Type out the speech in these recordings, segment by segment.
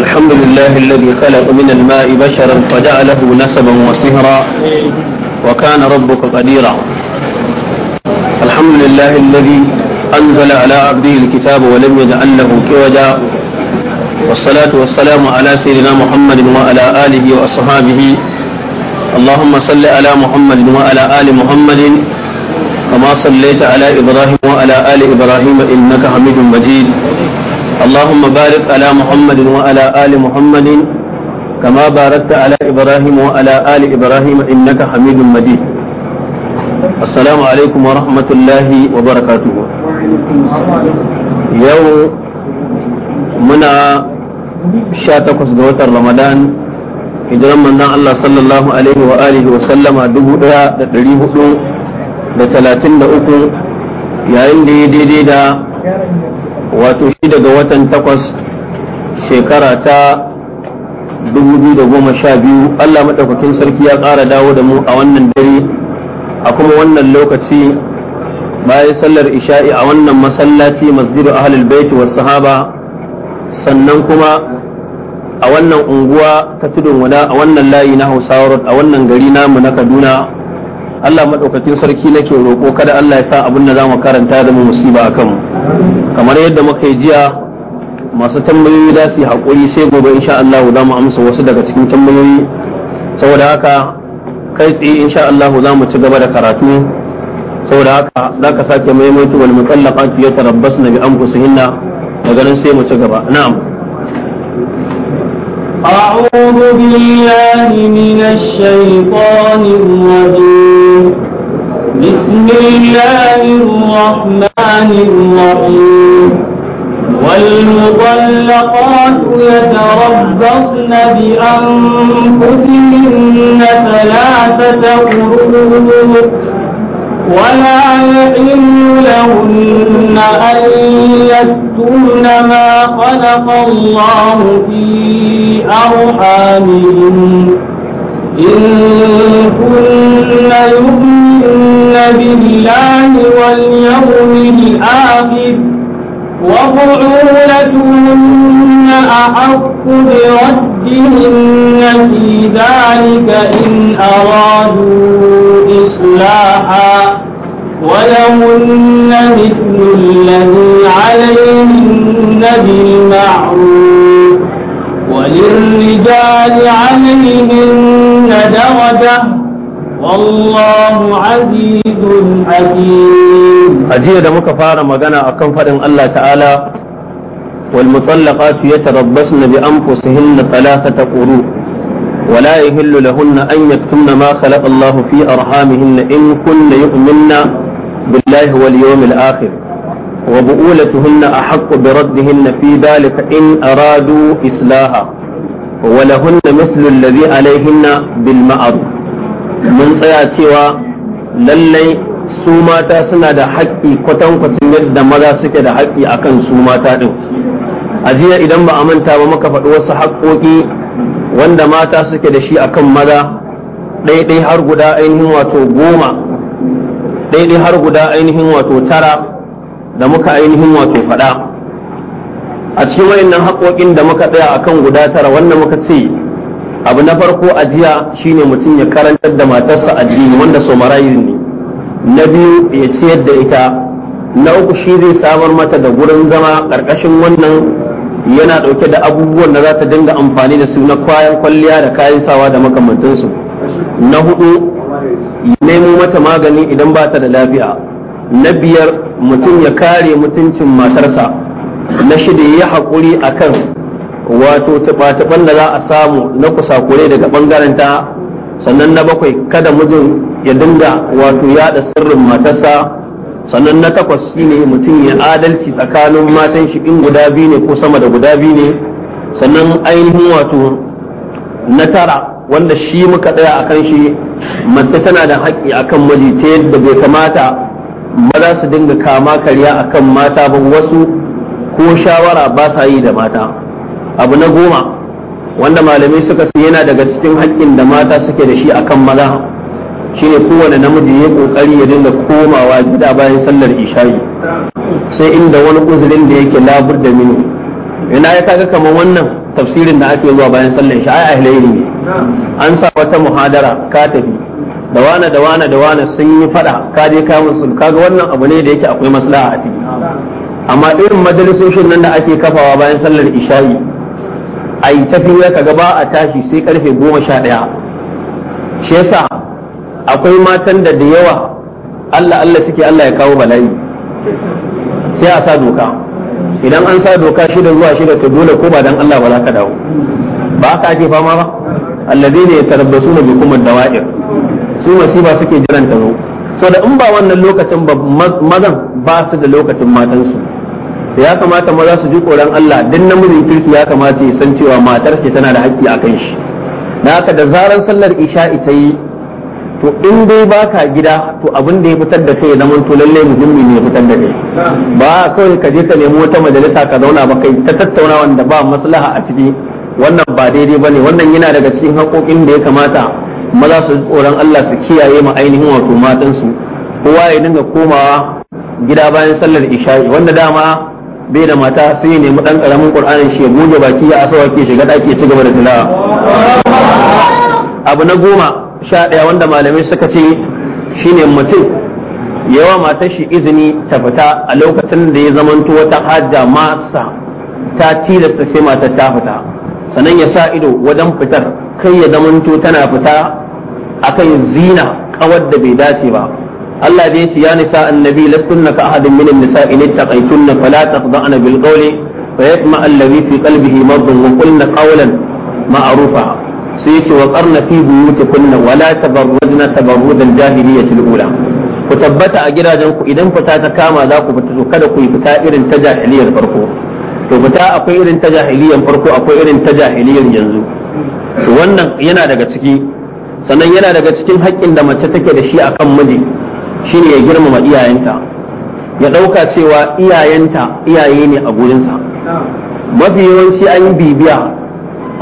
الحمد لله الذي خلق من الماء بشرا فجعله نسبا وصهرا وكان ربك قديرا الحمد لله الذي أنزل على عبده الكتاب ولم يجعل له كوجا والصلاة والسلام على سيدنا محمد وعلى آله وأصحابه اللهم صل على محمد وعلى آل محمد كما صليت على إبراهيم وعلى آل إبراهيم إنك حميد مجيد اللهم بارك على محمد وعلى آل محمد كما باركت على إبراهيم وعلى آل إبراهيم إنك حميد مجيد السلام عليكم ورحمة الله وبركاته يوم منا شاتكس دوة رمضان hijiran manzon Allah sallallahu alaihi wa alihi wa sallama dubu ɗaya da ɗari hudu da talatin da uku yayin da ya daidai da wato shi daga watan takwas shekara ta 2012 Allah maɗaukakin sarki ya ƙara dawo da mu a wannan dare a kuma wannan lokaci bayan sallar isha'i a wannan masallaci masjidu ahlul baiti was sahaba sannan kuma a wannan unguwa ta tudun wada a wannan layi na hausawa a wannan gari namu na kaduna allah maɗaukakin sarki nake roƙo kada allah ya sa abin da za mu karanta da mu musiba a kanmu kamar yadda muka yi jiya masu tambayoyi za su yi haƙuri sai gobe insha Allah za mu amsa wasu daga cikin tambayoyi saboda haka kai tsaye insha Allah za mu ci gaba da karatu saboda haka za ka sake maimaito wal mutallaqat ya tarabbas na bi anfusihinna daga nan sai mu ci gaba na'am أعوذ بالله من الشيطان الرجيم بسم الله الرحمن الرحيم والمطلقات يتربصن بأنفسهن ثلاثة قرون ولا يحل لهن أن يكتمن ما خلق الله في أرحامهن إن كن يؤمن بالله واليوم الآخر وبعولتهن أحق بردهن في ذلك إن أرادوا إصلاحا ولهن مثل الذي عليهن بالمعروف وللرجال عليهن درجة والله عزيز حكيم أجيء دمك فارم وغنى أكم فرن الله تعالى والمطلقات يتربصن بأنفسهن ثلاثة قروء ولا يهل لهن أن يكتمن ما خلق الله في أرحامهن إن كن يؤمن بالله واليوم الآخر وبؤولتهن أحق بردهن في ذلك إن أرادوا إصلاحا ولهن مثل الذي عليهن بالمعروف من سيأتي للي su mata suna da haƙƙi kwatankwacin yadda maza suke da haƙƙi akan su mata ɗin a jiya idan ba a manta ba muka faɗi wasu haƙƙoƙi wanda mata suke da shi akan maza ɗaiɗai har guda ainihin wato goma ɗaiɗai har guda ainihin wato tara da muka ainihin wato faɗa a cikin wayannan haƙoƙin da muka tsaya akan guda tara wanda muka ce abu na farko ajiya shine mutum ya karantar da matarsa addini wanda somarayu ne na biyu ya ciyar da ita na uku shi zai samar mata da gurin zama ƙarƙashin wannan yana ɗauke da abubuwan da za ta dinga amfani da su na kwayan kwalliya da kayan sawa da makamantansu na hudu nemo mata magani idan ba ta da lafiya na biyar mutum ya kare mutuncin matarsa na shida ya haƙuri a kan wato taɓa-taɓan da za a samu na kusakure daga ɓangarenta sannan na bakwai kada mijin ya dinga wato yaɗa sirrin matarsa sannan na takwas shine mutum ya adalci tsakanin matan shi in guda biyu ne ko sama da guda biyu ne sannan ainihin wato na tara wanda shi muka tsaya akan shi mace tana da haƙƙi akan miji ta yadda bai kamata Maza su dinga kama karya akan mata ba wasu ko shawara ba sa yi da mata abu na goma wanda malamai suka su yana daga cikin haƙƙin da mata suke da shi akan maza shine kowane namiji ya kokari ya dinga komawa gida bayan sallar isha'i sai inda wani uzurin da yake labur da mini ina ya kaga kamar wannan tafsirin da ake zuwa bayan sallar isha'i a ne an sa wata muhadara ka tafi da wane da wane da wane sun yi fada ka je ka musu kaga wannan abu ne da yake akwai maslaha a ciki amma irin majalisoshin nan da ake kafawa bayan sallar isha'i a yi tafiya kaga ba a tashi sai karfe goma sha ɗaya shi yasa akwai matan da da yawa Allah Allah suke Allah ya kawo bala'i sai a sa doka idan an sa doka shida zuwa shida to dole ko ba dan Allah ba za ka dawo ba ka ake fama ba su yatarabbasuna bikum kuma dawair su ba suke jiran ta zo saboda in ba wannan lokacin ba mazan ba su da lokacin matansu ya kamata maza su ji koran Allah na namijin kirki ya kamata ya san cewa matar ce tana da haƙƙi a kan shi Na haka da zarar sallar isha ta yi to in dai ka gida to abin da ya fitar da kai ya zama to lalle muhimmi ne ya fitar da kai ba kawai ka je ka nemi wata majalisa ka zauna ba kai ta tattauna wanda ba maslaha a ciki wannan ba daidai ba ne. wannan yana daga cikin haƙoƙin da ya kamata maza su tsoron Allah su kiyaye ma ainihin wato matansu kowa ya dinga komawa gida bayan sallar isha'i wanda dama bai da mata sai nemi dan karamin qur'anin shi ya goge baki ya asawa ke shiga daki ya ci gaba da tilawa abu na goma sha daya wanda malamai suka ce shine mutum yawa matar shi izini ta fita a lokacin da ya zamanto wata hajja masa ta tilasta sai matar ta fita sannan ya sa ido wajen fitar kai ya zamanto tana fita akan zina kawar da bai dace ba Allah da yace ya nisa annabi lastunna ka ahadin min an-nisa in ittaqaytunna fala taqda'na bil qawli fa yatma alladhi fi qalbihi maradun wa qulna qawlan ma'rufa sai yace wa qarna fi buyutikunna wa la tabarrujna tabarrudal jahiliyyatil ula ku tabbata a gidajen ku idan fita ta kama za ku fita to kada ku yi fita irin ta jahiliyar farko to fita akwai irin ta jahiliyar farko akwai irin ta jahiliyar yanzu wannan yana daga ciki sannan yana daga cikin haƙƙin da mace take da shi a kan miji shine ya girmama iyayenta ya ɗauka cewa iyayenta iyaye ne a gurinsa mafi yawanci an yi bibiya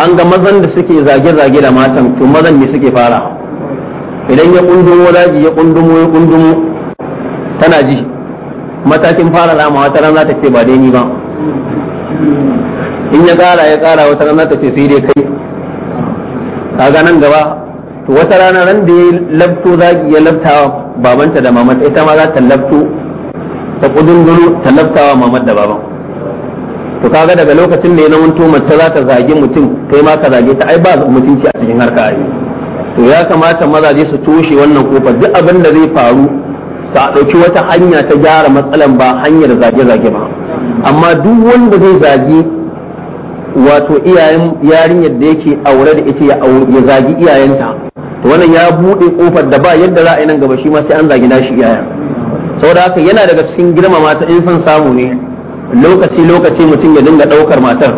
an ga mazan da suke zage-zage da matan to mazan ne suke fara idan ya ƙundumo zagi ya ƙundumo ya ƙundumo tana ji matakin fara ramawa ta rana ta ce ba dai ni ba in ya ƙara ya ƙara wata rana ta ce sai dai kai kaga nan gaba to wata rana ran da ya labto zagi ya labtawa babanta da mamanta ita ma za ta labto ta kudungulu ta labtawa mamar da baban to kaga daga lokacin da ya namanto mace za ta zagi mutum kai ma ka zage ta ai ba mutunci a cikin harka ai to ya kamata mazaje su toshe wannan kofar duk abin da zai faru ta ɗauki wata hanya ta gyara matsalan ba hanyar zage-zage ba amma duk wanda zai zagi wato iyayen yarinyar da yake aure da ita ya zagi iyayenta to wannan ya buɗe kofar da ba yadda za a yi nan gaba shi ma sai an zagi nashi iyayen saboda haka yana daga cikin girmama ta in son samu ne lokaci lokaci mutum ya dinga ɗaukar matar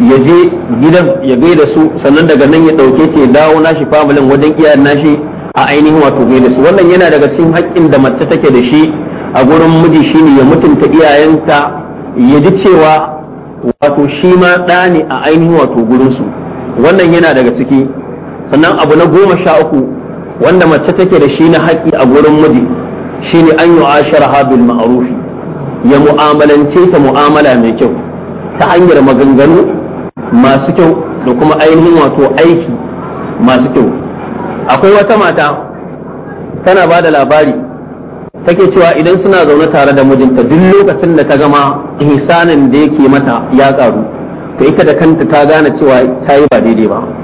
ya je gidan ya gaida su sannan daga nan ya ɗauke ta ya dawo nashi familin wajen iyayen nashi a ainihin wato gaida su wannan yana daga cikin haƙƙin da mace take da shi a gurin miji shine ya mutunta iyayenta ya ji cewa wato shi ma ɗa ne a ainihin wato gurinsu wannan yana daga ciki sannan abu na goma sha uku wanda mace take da shi na haƙƙi a gurin miji shine an yi ashara bil ma'arufi ya mu'amalance ta mu'amala mai kyau ta hanyar maganganu masu kyau da kuma ainihin wato aiki masu kyau akwai wata mata tana ba da labari take cewa idan suna zaune tare da mijinta duk lokacin da ta gama ihsanin da yake mata ya karu to ita da kanta ta gane cewa ta yi ba daidai ba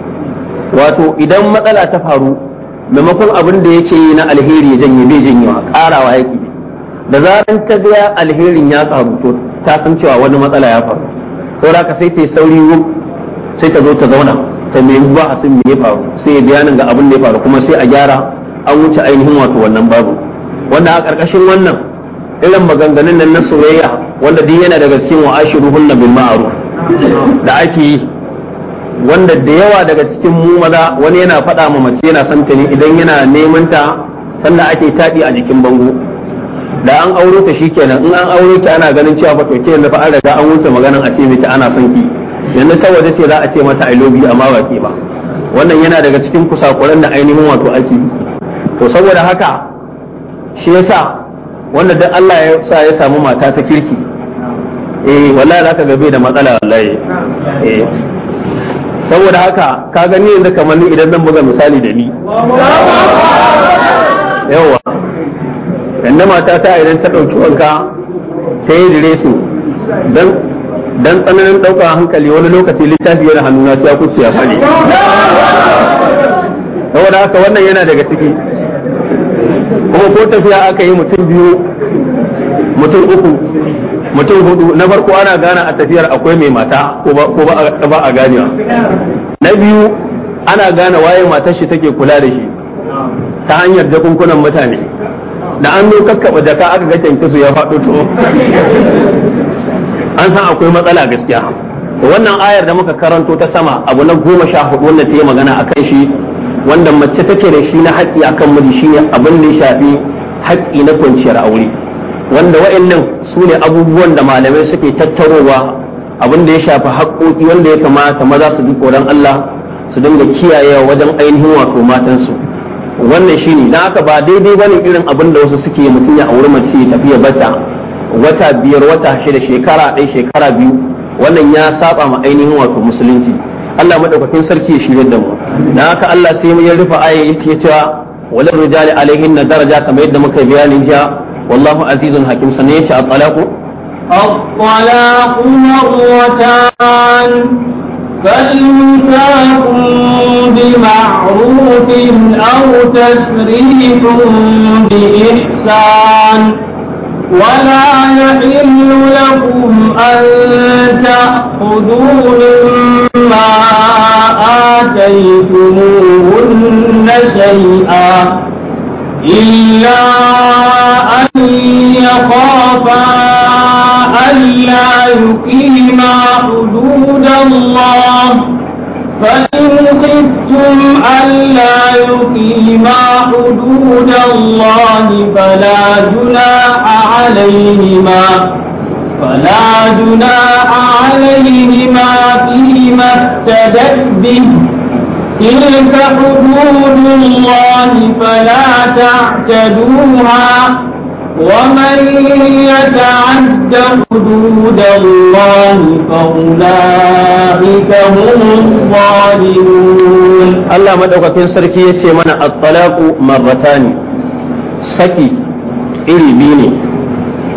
wato idan matsala ta faru maimakon abin da yake ce na alheri ya janye bai janyewa karawa yake da zaran ta ga alherin ya karu to ta san cewa wani matsala ya faru saboda ka sai ta yi sauri sai ta zo ta zauna ta nemi ba a sun me ya faru sai ya bayanin ga abin da ya faru kuma sai a gyara an wuce ainihin wato wannan babu wanda a ƙarƙashin wannan irin maganganun nan na soyayya wanda duk yana daga cikin ruhun bil ma'aru da ake yi wanda da yawa daga cikin mu maza wani yana faɗa ma mace yana son ta ne idan yana neman ta sannan ake taɗi a jikin bango da an aure ta shikenan in an aure ta ana ganin cewa fa to ke yanzu fa an riga an wuce maganan a ce miki ana son ki yanzu ta waje ce za a ce mata i love you amma ba ke ba wannan yana daga cikin kusakuran da ainihin wato ake to saboda haka shi yasa wanda duk Allah ya sa ya samu mata ta kirki eh wallahi zaka ga bai da matsala wallahi eh saboda haka ka gani yanzu kamar ni idan zan buga misali da ni yawa yanda mata ta idan ta ɗauki wanka ta yi su dan tsananin ɗaukar hankali wani lokaci littafi yana hannuna sai ya kuce ya fane saboda haka wannan yana daga ciki kuma ko tafiya aka yi mutum biyu mutum uku mutum hudu na farko ana gane a tafiyar akwai mai mata ko ba a ganewa na biyu ana gane waye matar shi take kula da shi ta hanyar jakunkunan mutane da an kakkaba jaka aka ga su ya faɗo to an san akwai matsala gaskiya wannan ayar da muka karanto ta sama abu na goma sha hudu wanda ta yi magana a kan shi wanda mace take da shi na haƙƙi akan miji shine abin da ya shafi haƙƙi na kwanciyar aure wanda wa'annan su ne abubuwan da malamai suke tattarowa abin da ya shafi haƙoƙi wanda ya kamata maza su bi koran Allah su dinga kiyayewa wajen ainihin wato matansu wannan shine dan haka ba daidai ne irin abin da wasu suke mutum ya auri mace tafiya bata wata biyar wata shida shekara ɗaya shekara biyu wannan ya saba ma ainihin wato musulunci Allah madaukakin sarki ya shirye da mu dan haka Allah sai mu ya rufe aya yake cewa walal rijali alaihin daraja kamar yadda muka bayani jiya wallahu azizun hakim sanne yace at-talaqu at-talaqu marratan فالمساك بمعروف أو تسريح بإحسان ولا يحل لكم أن تأخذوا مما آتيتموهن شيئا إلا يخافا ألا يقيما حدود الله فإن خفتم ألا يقيما حدود الله فلا جناح عليهما فلا جناح عليهما فيما افتدت به تلك حدود الله فلا تعتدوها ومن يتعد حدود الله فأولئك هم الظالمون الله ما دوكا كن سركي يتي من الطلاق مرتان سكي إلي بيني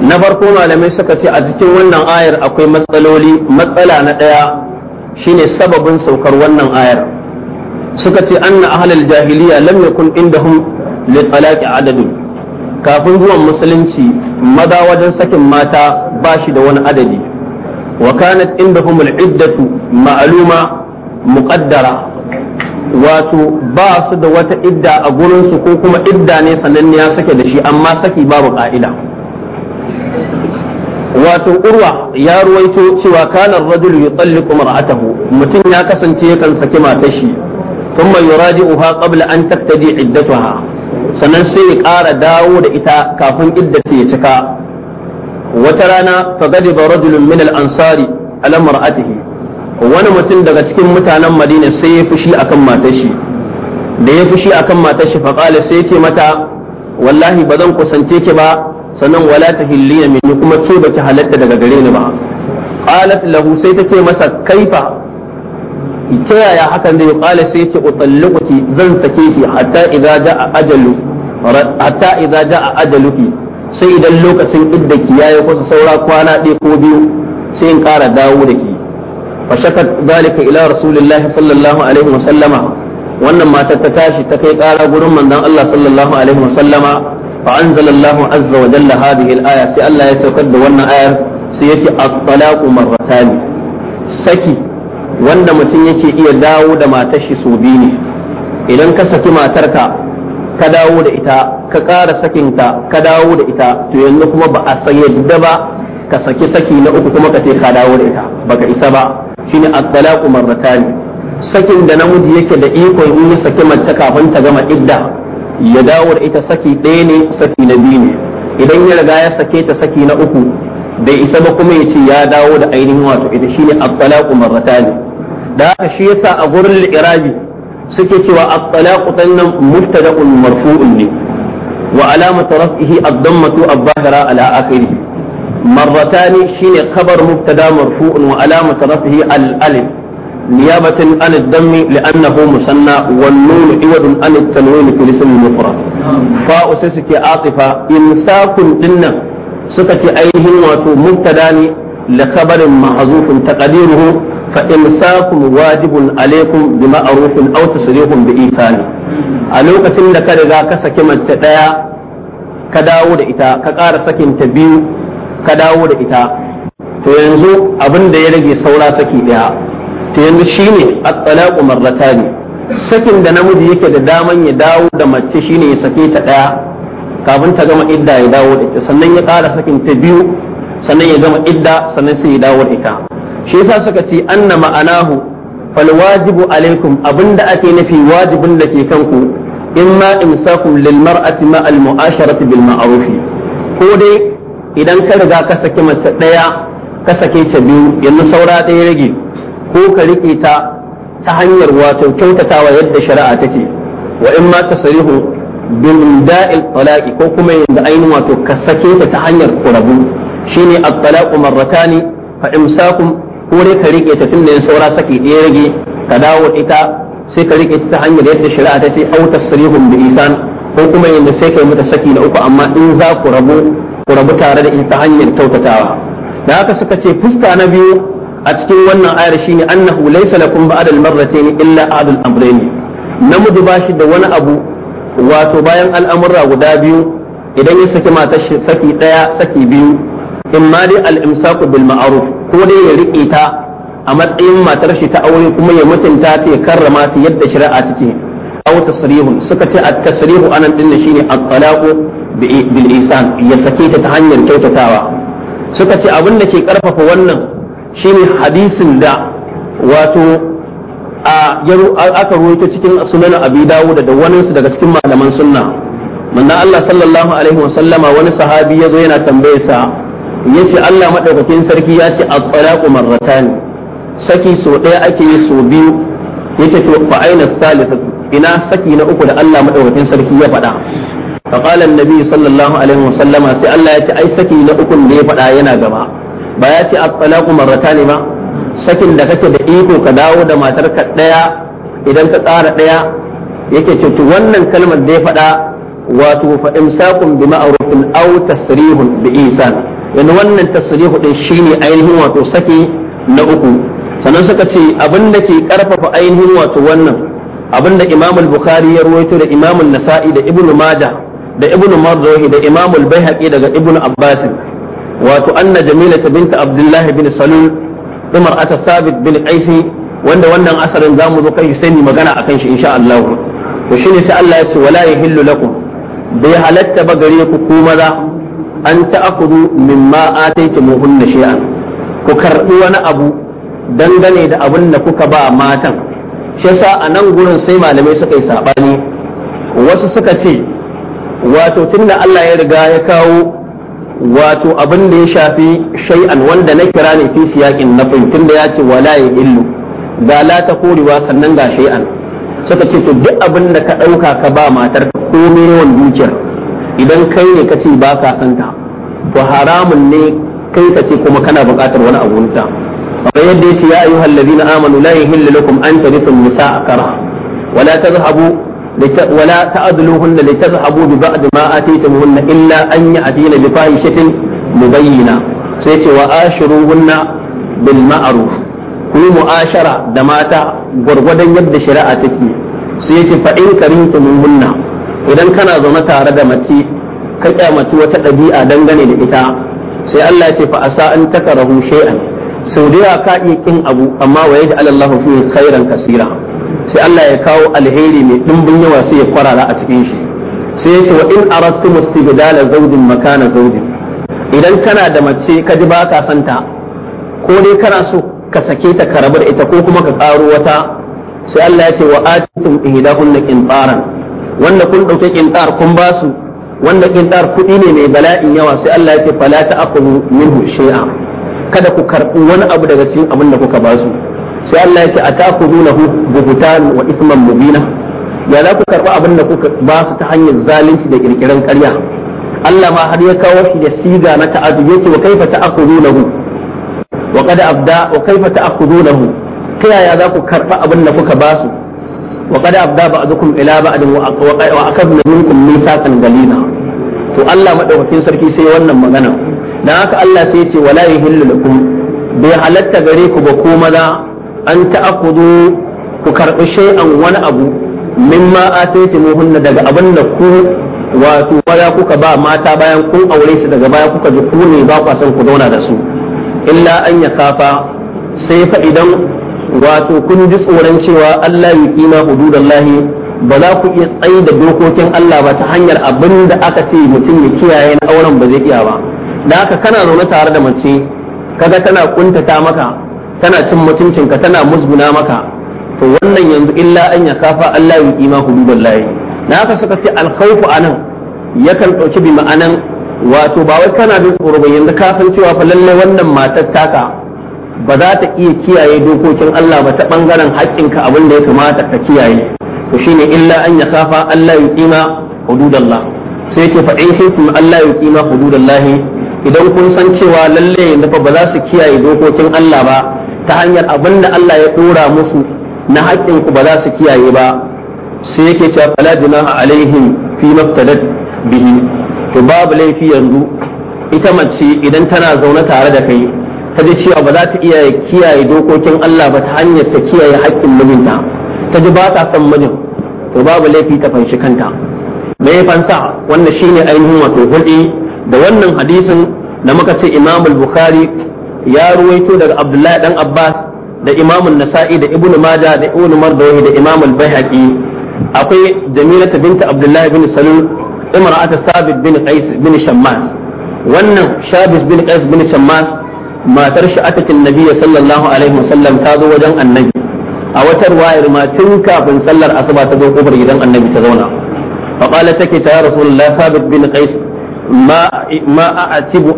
na farko malamai suka ce a cikin wannan ayar akwai matsaloli matsala na ɗaya shine sababin saukar wannan ayar suka ce anna ahlal jahiliya lam yakun indahum li talaqi adadun kafin zuwan musulunci maza wajen sakin mata ba shi da wani adadi wa kanat indahum al-iddatu ma'aluma muqaddara wato ba su da wata idda a gurinsu ko kuma idda ne sananniya sake da shi amma saki babu ka'ida wato urwa ya ruwaito cewa kanar rajul yutalliqu mar'atahu mutum ya kasance yakan saki matar shi thumma yuraji'uha qabla an tabtadi iddatuha sannan sai ya ƙara dawo da ita kafin idda ta ya cika wata rana fa ba rajulun min al-ansari ala mar'atihi wani mutum daga cikin mutanen Madina sai ya fushi akan matar shi da ya fushi akan matar shi fa qala sai ce mata wallahi ba zan kusance ki ba sannan wala ta hilliya minni kuma ke baki halatta daga gare ni ba qalat lahu sai ce masa kaifa ki ta yaya hakan zai qala sai ki utalliquki zan sake shi hatta idza jaa ajalu hatta idza jaa sai idan lokacin iddaki yayi kusa saura kwana ɗaya ko biyu sai in kara dawo da ki fa shakat zalika ila rasulillahi sallallahu alaihi wa sallama wannan matar ta tashi ta kai ƙara gurin manzon Allah sallallahu alaihi wa sallama fa anzalallahu azza wa jalla hadhihi al-aya sai Allah ya saukar da wannan ayar sai yake at-talaqu marratan saki wanda mutum yake iya dawo da matar shi su biyu ne idan ka saki matarka ka dawo da ita ka ƙara sakinta ka dawo da ita to yanzu kuma ba a san yadda ba ka saki saki na uku kuma ka ce ka dawo da ita ka isa ba shine at-talaqu marratani sakin da namiji yake da ikon in ya saki mace kafin ta gama idda ya dawo da ita saki ɗaya ne saki na biyu ne idan ya riga ya sake ta saki na uku bai isa ba kuma ya ce ya dawo da ainihin wato ita shine at marrata marratan da haka shi yasa a gurin al-irabi suke cewa at-talaqu tannan mubtada'un marfu'un ne wa alamatu raf'ihi ad-dammatu adh-dhahira ala akhirih marratan shine khabar mubtada marfu'un wa alama alamatu raf'ihi al-alif نيابة عن الدم لأنه مثنى والنون عوض عن التنوين في الاسم المفرد فاء سيسك عاطفة إمساك dinnan. suka ce ainihin wato mubtada ne la khabarin mahzufun taqdiruhu fa imsakun wajibun alaikum bi ma'rufin aw tasrihun bi ihsani a lokacin da ka riga ka saki mace ɗaya, ka dawo da ita ka ƙara sakin ta biyu ka dawo da ita to yanzu abin da ya rage saura saki ɗaya, to yanzu shine at-talaqu marratani sakin da namiji yake da daman ya dawo da mace shine ya sake ta ɗaya? kafin ta gama idda ya dawo da ita sannan ya ƙara sakin ta biyu sannan ya gama idda sannan sai ya dawo da ita shi yasa suka ce anna ma'anahu fal wajibu alaikum abinda ake nufi wajibin da ke kanku ku imsakum lil mar'ati ma al mu'asharati bil ma'ruf ko dai idan ka riga ka saki mace daya ka sake ta biyu yanzu saura ɗaya rage ko ka rike ta ta hanyar wato kyautatawa yadda shari'a take wa in ma tasrihu bin da'il talaqi ko kuma yanzu ainihin wato ka sake ta ta hanyar kurabu shine at-talaqu marratani fa imsakum ko dai ka rike ta tunda saura saki ɗaya rage ka dawo ita sai ka rike ta ta hanyar yadda shari'a ta ce au tasrihum bi isan ko kuma yanzu sai kai mata saki na uku amma in za ku rabu ku rabu tare da ita hanyar kyautatawa da haka suka ce fuska na biyu a cikin wannan ayar shine annahu laysa lakum ba'da al-marratayn illa adul amrayn namiji bashi da wani abu wato bayan al'amurra guda biyu idan ya saki matar shi saki daya saki biyu in ma dai al-imsaku bil ma'ruf ko dai ya rike ta a matsayin matar shi ta aure kuma ya mutunta ta ya karrama ta yadda shari'a take aw tasrihun suka ce at-tasrihu anan din shine at-talaqu bil ihsan ya sake ta ta hanyar kyautatawa suka ce abin da ke karfafa wannan shine hadisin da wato a aka ruwaito cikin sunan abi dawud da wani daga cikin malaman sunna manna Allah sallallahu alaihi wa sallama wani sahabi zo yana tambaye sa yace Allah madaukakin sarki ya ce at-talaqu marratan saki so ɗaya ake yi so biyu yace to fa aina ina saki na uku da Allah madaukakin sarki ya faɗa fa qala an-nabi sallallahu alaihi wa sallama sai Allah ya ce ai saki na uku da ya faɗa yana gaba ba ya ce at-talaqu marratan ba sakin da kake da iko ka dawo da matarka ɗaya idan ka tsara ɗaya yake ce to wannan kalmar da ya faɗa wato fa imsakun bi ma'rufin aw tasrihun bi isan yana wannan tasrihu din shine ainihin wato saki na uku sannan suka ce abin da ke karfafa ainihin wato wannan abin da Imam Bukhari ya ruwaito da Imam Nasa'i da Ibn Majah da Ibn Mardawi da Imam Al-Baihaqi daga Ibn Abbas wato anna Jamila binta Abdullah bin Salul dumar ata sabit bin aisi wanda wannan asarin zamu zo kai sai mu magana akan shi insha Allah to shine sai Allah ya ce wala yahillu lakum bai halatta ba gare ku ku maza an ta'khudhu mimma ataytumuhunna shay'an ku karbi wani abu dangane da abin da kuka ba matan shi yasa a nan gurin sai malamai suka yi sabani wasu suka ce wato tunda Allah ya riga ya kawo wato abin da ya shafi shay'an wanda na kira ne fi siyakin na tun da ya ce wala ya illu ga la ta korewa sannan ga shay'an suka ce to duk abin da ka ɗauka ka ba matar ko yawan dukiyar idan kai ne ka ce ba ka santa to haramun ne kai ka ce kuma kana buƙatar wani abu ta kamar yadda ya ce ya ayyuhal ladina amanu la yahillu lakum an tarithu nisaa kara wala tadhhabu ولا تعدلوهن لتذهبوا ببعض ما آتيتموهن إلا أن يأتين بفاحشة مبينة سيتي وآشروهن بالمعروف ku yi mu'ashara da mata gwargwadon yadda shari'a take sai yace fa in mu munna idan kana zaune tare da mace ka wata ɗabi'a dangane da ita sai Allah ya ce fa asa an takarahu shay'an sau da ka iya kin abu amma wa yaj'al Allahu fihi khairan kaseera sai Allah ya kawo alheri mai ɗimbin yawa sai ya kwarara a cikin shi sai yace wa in aradtu mustibdala zawjin makana zawjin idan kana da mace ka ji ba ka santa ko dai kana so ka sake ta ka rabu da ita ko kuma ka karo wata sai Allah ya ce wa atitum ihdahunna qintaran wanda kun dauke qintar kun ba su wanda qintar kuɗi ne mai bala'in yawa sai Allah ya ce fala ta'khudhu minhu shay'a kada ku karɓi wani abu daga cikin abin da kuka ba su sai Allah yake atakudunahu bubutan wa isman mubina ya za ku karba abin da kuka ba su ta hanyar zalunci da kirkiran ƙarya Allah ma har ya kawo shi da siga na ta'adu yake wa kaifa ta'khudunahu wa qad abda wa kaifa ta'khudunahu ta yaya za ku karba abin da kuka ba su wa qad abda ba'dukum ila ba'din wa akadna minkum mithaqan galina to Allah madaukakin sarki sai wannan magana dan haka Allah sai ya ce wala yuhillu lakum bai halatta gare ku ba ko maza an akudu ku karbi shay'an wani abu mimma ataytumuhunna daga abin da ku wato baya kuka ba mata bayan kun aure su daga baya kuka ji ku ne ba ku san ku zauna da su illa an ya kafa sai fa idan wato kun ji tsoron cewa Allah ya kima hududallahi ba za ku iya tsayi da dokokin Allah ba ta hanyar abin da aka ce mutum ya kiyaye na auren ba zai iya ba da haka kana zaune tare da mace kaga tana kuntata maka tana cin mutuncinka tana musguna maka to wannan yanzu illa an ya kafa Allah ya ima hudubul lahi na haka suka ce alkhawfu anan yakan dauki bi ma'anan wato ba wai kana jin tsoro ba yanzu ka san cewa fa lalle wannan matar taka ba za ta iya kiyaye dokokin Allah ba ta bangaren haƙƙinka abin da ya kamata ka kiyaye to shine illa an ya kafa Allah ya ima hududallah sai ke fa in kuntum Allah ya ima hududallahi idan kun san cewa lalle yanzu fa ba za su kiyaye dokokin Allah ba ta hanyar abin da Allah ya ƙura musu na haƙƙin ku ba za su kiyaye ba sai yake cewa fala junaha alaihim fi maftadat bihi to babu laifi yanzu ita mace idan tana zaune tare da kai ta ji cewa ba za ta iya kiyaye dokokin Allah ba ta hanyar ta kiyaye haƙƙin mijinta ta ji ba ta son mijin to babu laifi ta fanshi kanta me ya fansa wannan shine ainihin wato hulɗi da wannan hadisin da muka ce Imam Bukhari ya ruwaito daga abdullahi dan abbas da imamun nasa'i da ibnu maja da ibnu mardawi da imamul baihaqi akwai jamilata binta abdullahi bin salul imra'atu sabit bin qais bin shammas wannan shabis bin qais bin shammas matar shi atakin nabiya sallallahu alaihi wasallam ta zo wajen annabi a wata ruwayar ma tun kafin sallar asuba ta zo gidan annabi ta zauna fa qala take ta rasulullah sabit bin qais ma ma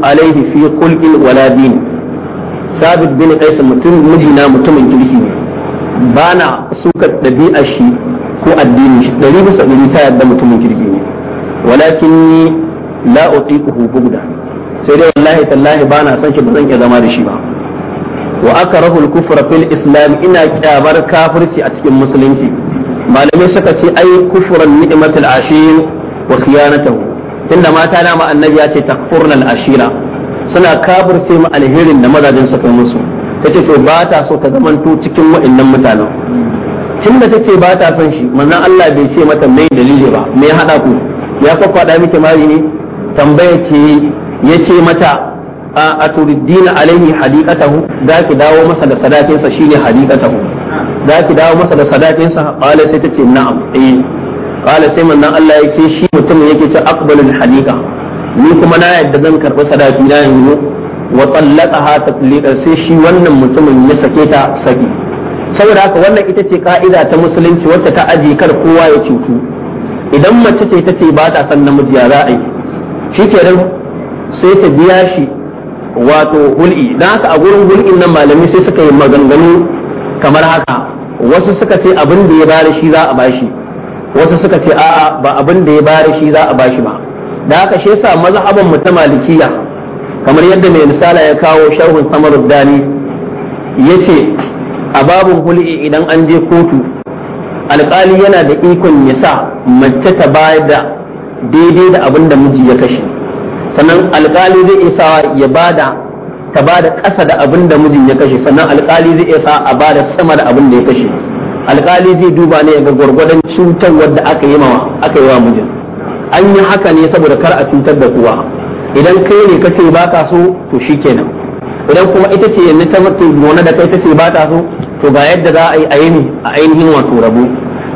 alaihi fi qulqin wala din sabit bin qais mutum mijina mutumin kirki ne bana suka ɗabi'a shi ko addini shi dari bisa ɗari ta yadda mutumin kirki ne walakin ni la utiquhu bugda sai dai wallahi tallahi bana san shi ba zan iya zama da shi ba wa akrahu al-kufra fil islam ina kyabar kafirci a cikin musulunci malamai suka ce ai kufran ni'matul ashir wa khiyanatahu tunda mata na ma annabi ya ce takfurnal ashira suna sai mu alherin da mazajin suka musu tace to ba ta so ta zamanto cikin wa'annan mutanen tun da tace ba ta son shi manzon Allah bai ce mata mai dalili ba me ya hada ku ya kwakwada miki mari ne tambaya ce yace mata a turiddina alaihi hadiqatahu za ki dawo masa da sadakinsa shine hadiqatahu za ki dawo masa da sadakinsa qala sai tace na'am eh qala sai manzon Allah yake shi mutum yake ta aqbalul hadiqa ni kuma na yadda zan karɓi sadaki na yanzu wa tsallaka sai shi wannan mutumin ya sake ta saki saboda haka wannan ita ce ka'ida ta musulunci wacce ta aje kar kowa ya cutu idan mace ce ta ce ba ta san namiji ya za a yi shi sai ta biya shi wato hul'i dan haka a gurin hul'in nan malami sai suka yi maganganu kamar haka wasu suka ce abin da ya bari shi za a bashi wasu suka ce a'a ba abin da ya bari shi za a bashi ba da haka shi yasa mazhaban mu ta malikiya kamar yadda mai misala ya kawo sharhun samarud dani yace a babun hul'i idan an je kotu alƙali yana da ikon ya sa mace ta bayar da daidai da abin da miji ya kashe sannan alƙali zai iya sa ya bada ta bada ƙasa da abin da mijin ya kashe sannan alƙali zai iya sa a bada sama da abin da ya kashe alƙali zai duba ne ga gwargwadon cutar wadda aka yi wa mijin an yi haka ne saboda kar a cutar da kowa idan kai ne kace ba ka so to shikenan idan kuma ita ce yanzu ta mutu gona da kai tace ba ta so to ga yadda za a yi a yini a ainihin wato rabu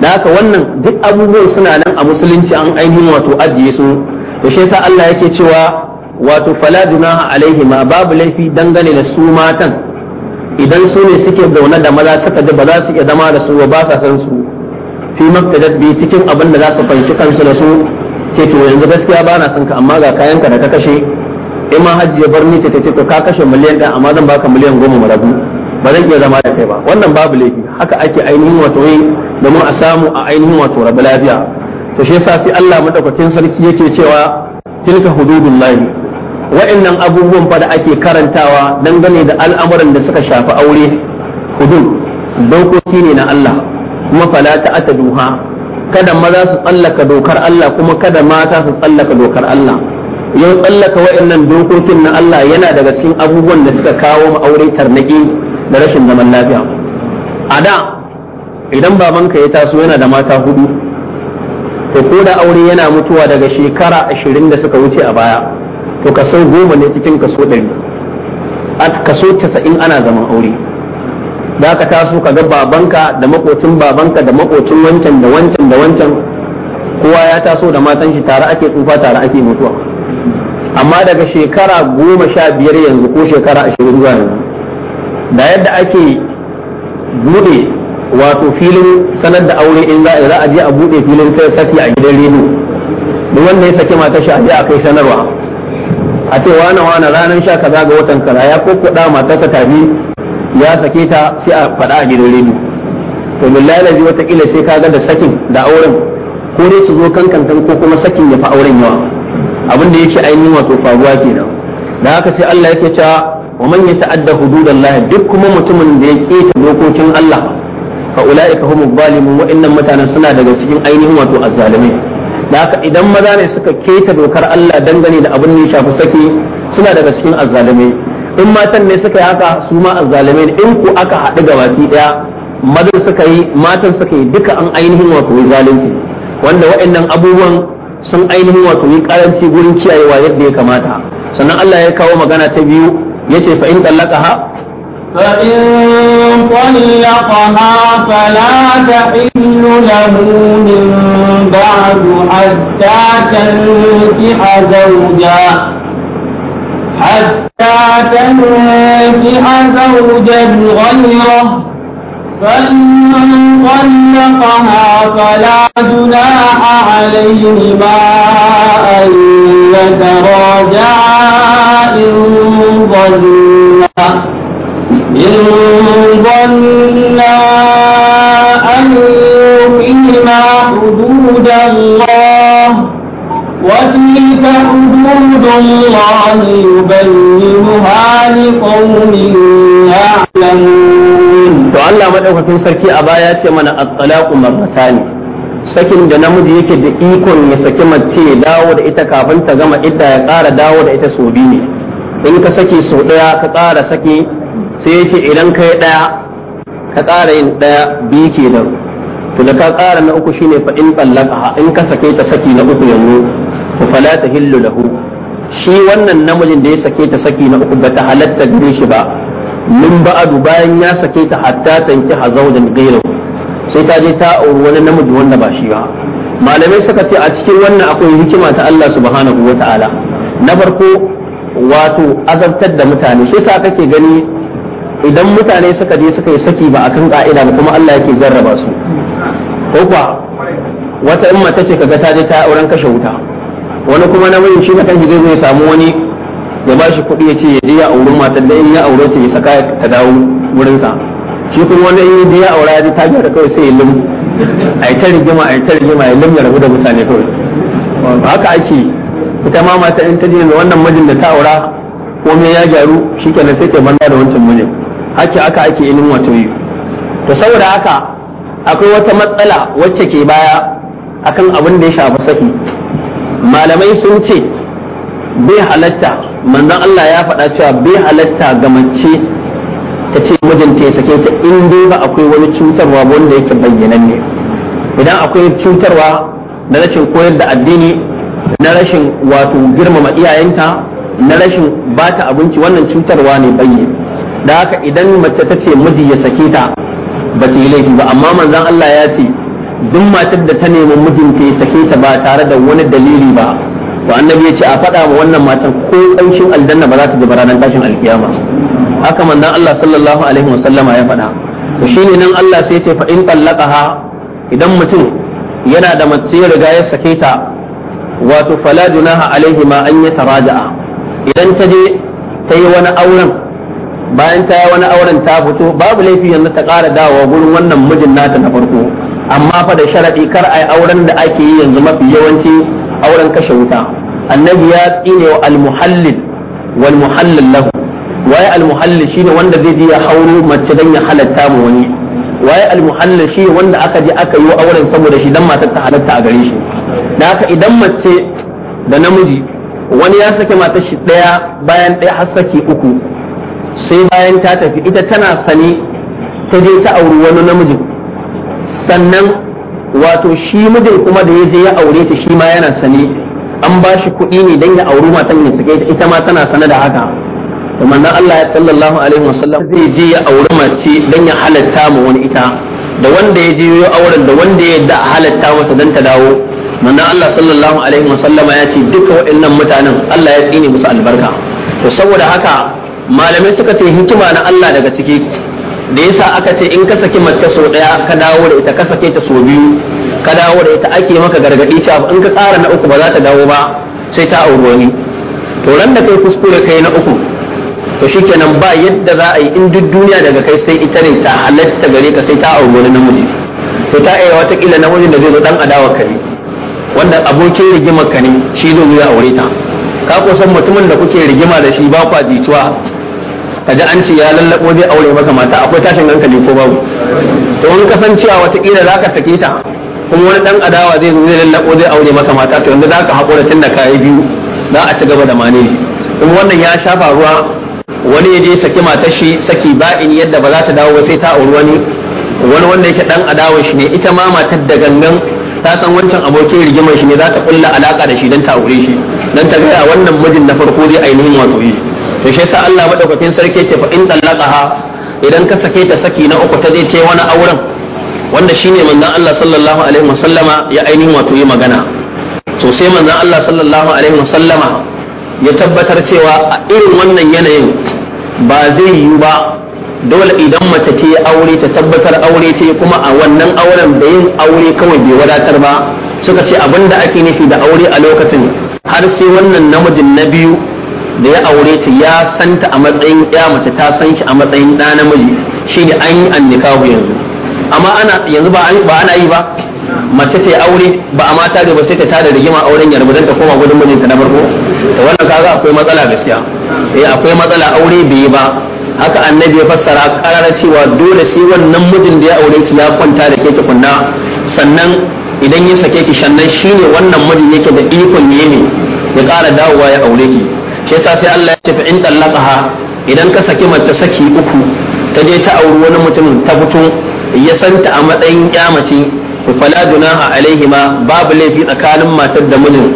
da haka wannan duk abubuwan suna nan a musulunci an ainihin wato ajiye su to shi yasa Allah yake cewa wato fala dunaha alaihi ma babu laifi dangane da su matan idan su ne suke zaune da maza suka ji ba za su iya zama da su ba sa san su fi mabtadat bi cikin abin da za su fanci kansu da su ce to yanzu gaskiya ba na son ka amma ga kayanka da ka kashe in ma hajji ya bar ni ta ce to ka kashe miliyan ɗaya amma zan baka miliyan goma mu rabu ba zan iya zama da kai ba wannan babu laifi haka ake ainihin wato yi domin a samu a ainihin wato rabu lafiya to shi yasa sai Allah madaukakin sarki yake cewa tilka hududullahi wa'annan abubuwan fa da ake karantawa dangane da al'amuran da suka shafi aure hudud dokoki ne na Allah kuma fala ta'ata duha kada maza su tsallaka dokar Allah kuma kada mata su tsallaka dokar Allah yau tsallaka waɗannan dokokin na Allah yana daga cikin abubuwan da suka kawo aure tarnaki da rashin zaman lafiya a da idan babanka ya taso yana da mata hudu to ko da aure yana mutuwa daga shekara ashirin da suka wuce a baya to kaso goma ne cikin kaso ɗari kaso casa'in ana zaman aure za ka taso ka ga babanka da makocin babanka da makocin wancan da wancan da wancan kowa ya taso da matan shi tare ake tsufa tare ake mutuwa amma daga shekara goma sha biyar yanzu ko shekara ashirin zuwa yanzu da yadda ake bude wato filin sanar da aure in za a je a bude filin sai saki a gidan rediyo duk wanda ya saki mata shi a je a kai sanarwa a ce wane wane ranar sha kaza ga watan kaza ya ko kuɗa matarsa tafi ya sake ta sai a faɗa a gidan rediyo to billahi lazi watakila sai ka ga da sakin da auren ko dai su zo kan kankan ko kuma sakin ya fa auren yawa abin da yake ainihin wato faruwa kenan da haka sai Allah yake cewa wa man yata'adda hududallah duk kuma mutumin da ya keta dokokin Allah fa ulaika humuz zalimun wa'annan mutanen suna daga cikin ainihin wato azzalimai da haka idan maza ne suka keta dokar Allah dangane da abin da ya shafi saki suna daga cikin azzalimai in matan ne suka yi haka su ma a ne in ku aka haɗu ga baki ɗaya madan suka yi matan suka yi duka an ainihin wato yi zalunci wanda waɗannan abubuwan sun ainihin wato yi karanci gurin kiyayewa yadda ya kamata sannan Allah ya kawo magana ta biyu ya yace fa in talaqaha فإن طلقها فلا تحل له من بعد حتى تنكح زوجا حتى لا تنكح زوجا غيره فإن طلقها فلا جناح عليهما أن يتراجعا إن ظنا إن ظنا أن يقيما حدود الله وتلك حدود الله يبينها لقوم يعلمون to Allah madaukakin sarki a baya ce mana at-talaqu marratan sakin da namiji yake da ikon ya saki mace dawo da ita kafin ta gama ita ya ƙara dawo da ita sau biyu ne in ka saki sau ɗaya ka ƙara saki sai yake idan ka yi ɗaya ka ƙara yin ɗaya biyu nan, to da ka ƙara na uku shine fa in tsallaka in ka sake ta saki na uku yanzu to fala tahillu lahu shi wannan namijin da ya sake ta saki na uku bata halatta gare shi ba min ba'adu bayan ya sake ta hatta tanki hazaudan gairu sai ta je ta auri wani namiji wanda ba shi ba malamai suka ce a cikin wannan akwai hikima ta Allah subhanahu wata'ala na farko wato azabtar da mutane shi sa kake gani idan mutane suka je suka yi saki ba akan ka'ida ba kuma Allah yake jarraba su ko kuwa wata in mace ce kaga ta je ta auren kashe wuta wani kuma na namijin shi na kanshi zai zai samu wani ya ba shi kuɗi ya ce ya je ya auri matar da ya aure ta ya saka ta dawo wurinsa shi kuma wani in ya aura ya ta ta da kawai sai ya lim a yi ta rigima a yi ta rigima ya lim ya rabu da mutane kawai haka ake ita ma mata in ta je da wannan mijin da ta aura ko me ya gyaru shi kenan sai ta banda da wancan mijin haka aka ake ilimin wato yi to saboda haka akwai wata matsala wacce ke baya akan abin da ya shafi saki malamai sun ce bai halatta manzon Allah ya faɗa cewa bai halatta ga mace ta ce mijinta ya sake ta in dai ba akwai wani cutarwa wanda yake bayyana ne idan akwai cutarwa na rashin koyar da addini na rashin wato girmama iyayenta na rashin bata abinci wannan cutarwa ne bayyana da haka idan mace ta ce miji ya sake ta ba ta yi laifi ba amma manzon Allah ya ce duk matar da ta nemi mijinta ya sake ta ba tare da wani dalili ba to annabi ya ce a faɗa wa wannan matan ko ƙanshin aljanna ba za ta gaba ranar tashin alkiyama haka manzon Allah sallallahu alaihi wasallama ya faɗa to shine nan Allah sai ya ce fa in idan mutum yana da mace ya riga ya sake ta wato fala junaha alaihi ma an ya taraja'a idan ta je ta yi wani auren bayan ta yi wani auren ta fito babu laifi yanzu ta ƙara dawowa gurin wannan mijin nata na farko amma fa da sharadi kar yi auren da ake yi yanzu mafi yawanci auren kashe wuta annabi ya tsine wa almuhallil wal muhallil lahu waye almuhallil shine wanda zai je ya hauro mace dan ya halatta mu wani waye almuhallil shine wanda aka je aka yi auren saboda shi dan matar ta halatta a gare shi da haka idan mace da namiji wani ya sake matar shi daya bayan daya har saki uku sai bayan ta tafi ita tana sani ta je ta auri wani namijin sannan wato shi mijin kuma da ya je ya aure ta shi ma yana sane an ba shi kuɗi ne don ya auri matan ya sake ita ma tana sane da haka to manzon Allah ya sallallahu alaihi wa sallam zai je ya auri mace don ya halatta ma wani ita da wanda ya je ya auren da wanda ya da halatta masa don ta dawo manna Allah sallallahu alaihi wa sallama ya ce duka waɗannan mutanen Allah ya tsine musu albarka to saboda haka malamai suka ce hikima na Allah daga ciki da yasa aka ce in ka saki mace sau daya ka dawo da ita ka sake ta sau biyu ka dawo da ita ake maka gargadi cewa in ka tsara na uku ba za ta dawo ba sai ta auri wani to ran da kai kuskure kai na uku to shikenan ba yadda za a yi in duk duniya daga kai sai ita ne ta halatta gare ka sai ta auri wani namiji to ta iya wata kila namijin da zai zo dan adawa ka ne wanda abokin rigimar ka ne shi zai zo ya aure ta ka kusan mutumin da kuke rigima da shi ba kwa jituwa kaji an ce ya lallabo zai aure maka mata akwai tashin hankali ko babu to in kasancewa watakila za ka sake ta kuma wani dan adawa zai zo zai lallabo zai aure maka mata to yanzu za ka haƙura tun da kayi biyu za a ci gaba da mane kuma wannan ya shafa ruwa wani ya je saki matar shi saki ba'in yadda ba za ta dawo ba sai ta auri wani wani wanda yake dan adawa shi ne ita ma matar da gangan ta san wancan abokin rigimar shi ne za ta kulla alaka da shi dan ta aure shi dan ta ga wannan mijin na farko zai ainihin wato yi to shi yasa Allah madaukakin sarki ce fa in talaqaha idan ka sake ta saki na uku ta zai ce wani auren wanda shine manzon Allah sallallahu alaihi wasallama ya ainihin wato yi magana to sai manzon Allah sallallahu alaihi wasallama ya tabbatar cewa a irin wannan yanayin ba zai yi ba dole idan mace ta yi aure ta tabbatar aure ce kuma a wannan auren da yin aure kawai bai wadatar ba suka ce abin da ake nufi da aure a lokacin har sai wannan namijin na biyu da ya aure ta ya santa a matsayin ya mace ta san shi a matsayin ɗa namiji shi ne an yi annikahu yanzu amma ana yanzu ba ana yi ba mace ta aure ba a mata da ba sai ta tada rigima auren yarbu don ta koma gudun mijinta na farko to wannan kaga akwai matsala gaskiya eh akwai matsala aure bai ba haka annabi ya fassara karara cewa dole sai wannan mijin da ya aure ki ya kwanta da ke kunna, sannan idan ya sake ki shannan shine wannan mijin yake da ikon ne ya kara dawowa ya aure ki ke sa sai Allah ya tafi fa in ha idan ka saki mace saki uku ta je ta auri wani mutum ta fito ya santa a matsayin ya mace to fala dunaha alaihima babu laifi tsakanin matar da mijin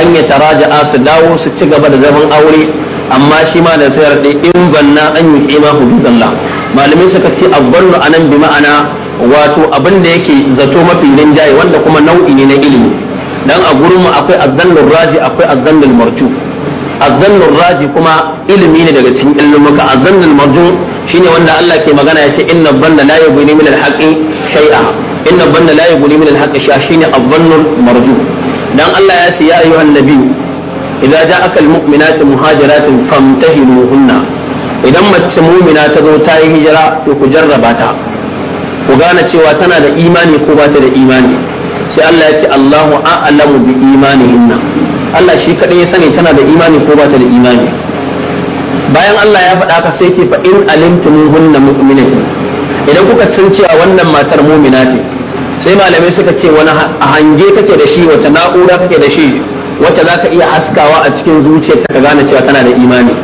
an ya taraja su dawo su ci gaba da zaman aure amma shi ma da sayar da in banna an yi kima hududallah malamai suka ce a anan bi ma'ana wato abin da yake zato mafi rinjaye wanda kuma nau'i ne na ilimi dan a gurin akwai azzannul raji akwai azzannul martu azzannur raji kuma ilimi ne daga cikin ilmuka azzannul marju shine wanda Allah ke magana ya inna banna la yughni min al-haqqi shay'a inna banna la yughni min al-haqqi shay'a shine azzannul marju dan Allah ya ce ya ayyuhan nabi idza ja'aka al-mu'minatu muhajiratun famtahinuhunna idan mace mu'mina ta zo ta yi hijira to ku jarraba ta ku gane cewa tana da imani ko ba ta da imani sai Allah ya ce Allahu a'lamu bi imanihinna Allah shi kaɗai ya sani tana da imani ko ba ta da imani bayan Allah ya faɗa ka sai ke fa in alimtum hunna mu'minatin idan kuka san cewa wannan matar mu'mina ce sai malamai suka ce wani hange kake da shi wata na'ura kake da shi wacce za ka iya askawa a cikin zuciyarta ka gane cewa tana da imani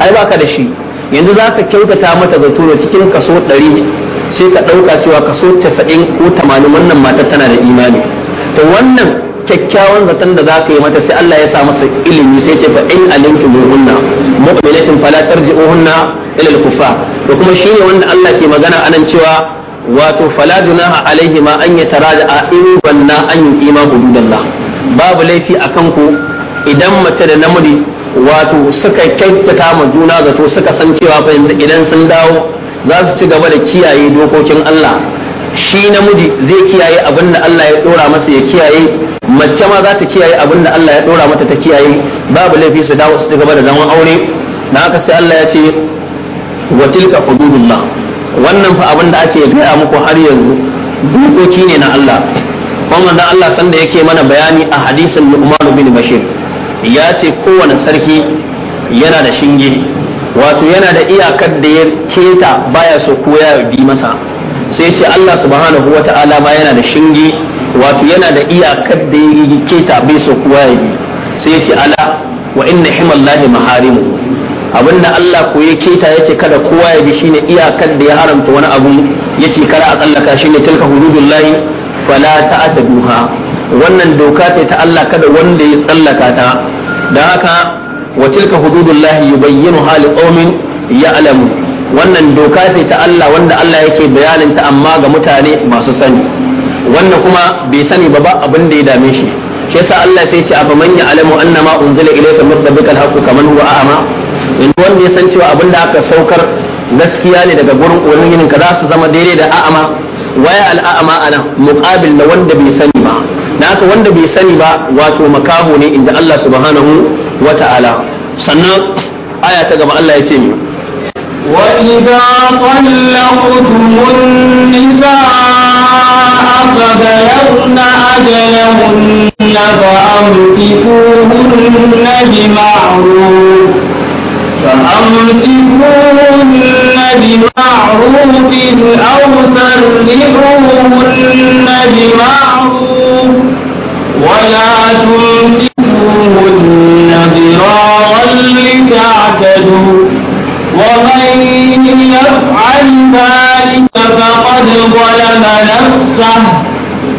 ai baka da shi yanzu za ka kyautata mata zato da cikin kaso ɗari sai ka ɗauka cewa kaso casa'in ko tamanin wannan matar tana da imani to wannan kyakkyawan zaton da za ka yi mata sai Allah ya sa masa ilimi sai ce fa in mu hunna mu'minatin fala hunna ila al da kuma shine wanda Allah ke magana anan cewa wato fala dunaha alaihi ma an yataraja'a in banna an da hududallah babu laifi akan ku idan mace da namiji wato suka kyautata ma juna zato suka san cewa fa idan sun dawo za su ci gaba da kiyaye dokokin Allah shi namiji zai kiyaye abin da Allah ya dora masa ya kiyaye mace ma za ta kiyaye abin da Allah ya dora mata ta kiyaye babu laifi su dawo su gaba da zaman aure na haka sai Allah ya ce wa tilka hududullah wannan fa abin da ake gaya muku har yanzu dokoki ne na Allah kuma manzon Allah sanda yake mana bayani a hadisin Umar bin Bashir ya ce kowane sarki yana da shinge wato yana da iyakar da ya keta baya so ko ya bi masa sai ce Allah subhanahu wata'ala ma yana da shinge wato yana da iyakar da ya keta bai so kuwa ya yi sai yake ala wa inna himallahi maharimu abinda Allah ko ya keta ya ce kada kowa ya bi shine iyakar da ya haramta wani abu ya kara a tsallaka shine tilka hududullahi fala ta'taduha wannan doka ce ta Allah kada wanda ya tsallaka ta da haka wa tilka hududullahi yubayyinu hali qaumin ya'lamu wannan doka ce ta Allah wanda Allah yake bayanin ta amma ga mutane masu sani wannan kuma bai sani ba ba abin da ya dame shi shi yasa Allah sai ya ce afa man ya'lamu annama unzila ilayka min rabbikal haqqu kaman huwa a'ma in wanda ya san cewa abin da aka saukar gaskiya ne daga gurin ubangijin ka za su zama daidai da a'ama waya al'a'ama ana muqabil da wanda bai sani ba Na haka wanda bai sani ba wato makaho ne inda Allah subhanahu wa ta'ala sannan aya ta gaba Allah ya ce ni وإذا طلقتم النساء فبلغن أجلهن فأمسكوهن بمعروف فأمسكوهن بمعروف أو سرحوهن بمعروف ولا تمسكوهن ضرارا لتعتدوا ومن يفعل ذلك قد ظلم نفسه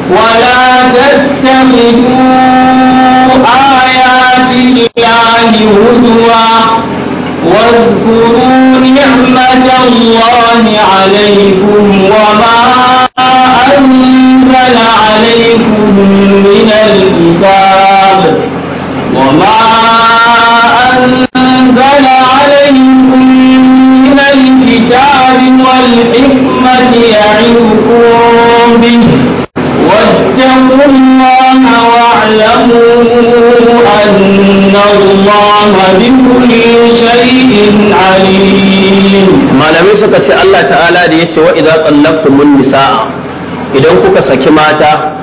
ولا تتخذوا آيات الله هدوا واذكروا نعمة الله عليكم وما أنزل عليكم من الكتاب وما أنزل عليكم Wajen mun mahawa al'amu, mun goge suka ce Allah Ta'ala da ya ce wa 'Idan zatsun mun nisa'a, idan kuka saki mata,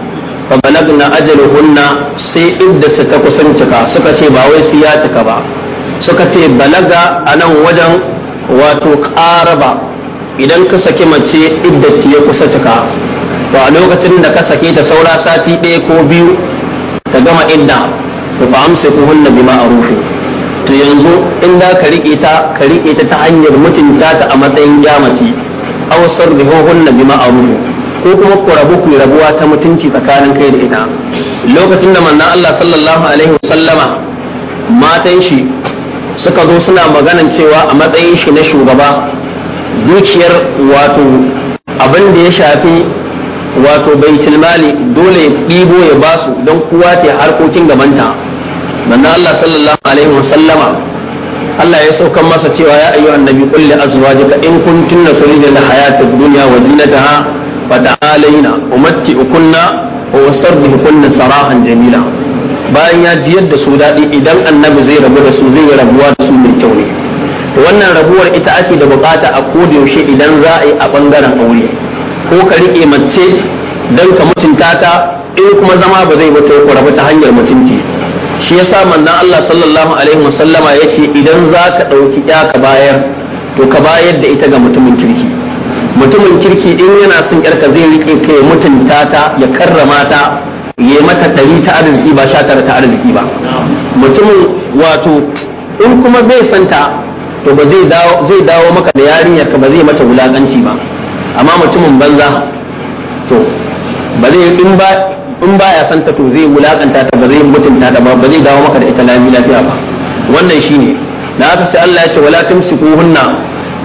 fa banagin ajiye hunna, sai idda suka kusan cika suka ce ba wai su ya cika ba, suka ce banaga a wajen. wato ƙaraba idan ka saki mace iddati ya kusa cika to a lokacin da ka sake ta saura sati ɗaya ko biyu ta gama idda to fa amsa ku hunna bi a to yanzu in za ka riƙe ta ka rike ta ta hanyar mutunta ta a matsayin gyamace aw sarrihu hunna bi a ko kuma ku rabu ku rabuwa ta mutunci tsakanin kai da ita lokacin da manzon Allah sallallahu alaihi wasallama matan shi suka zo suna maganan cewa a matsayin shi na shugaba dukiyar wato abin da ya shafi wato bai tilmali dole ya ɗibo ya basu don kowa ta harkokin gabanta manna Allah sallallahu alaihi wasallama Allah ya sauka masa cewa ya ayyu nabi qul li azwajika in kuntunna turidna hayata ad-dunya wa zinataha umatti ukunna wa usarrihukunna sarahan jamila bayan ya jiyar da su daɗi idan annabi zai rabu da su zai yi rabuwa da su mai kyau ne wannan rabuwar ita ake da bukata a koda yaushe idan za a yi a bangaren aure ko ka riƙe mace don ka mutunta ta in kuma zama ba zai wata ku rabu ta hanyar mutunci shi yasa manzon Allah sallallahu alaihi wasallama idan za ka ɗauki ya ka bayar to ka bayar da ita ga mutumin kirki mutumin kirki in yana son yarka zai riƙe ka ya mutunta ta ya karrama ta ya mata ɗari ta arziki ba sha tara ta arziki ba mutumin wato in kuma bai santa to ba zai dawo maka da yarinyar ka ba zai mata wulakanci ba amma mutumin banza to ba zai in ba in baya santa to zai wulaƙanta ta ba zai mutunta ta ba ba zai dawo maka da ita lafiya ba wannan shine da haka sai Allah ya ce wala hunna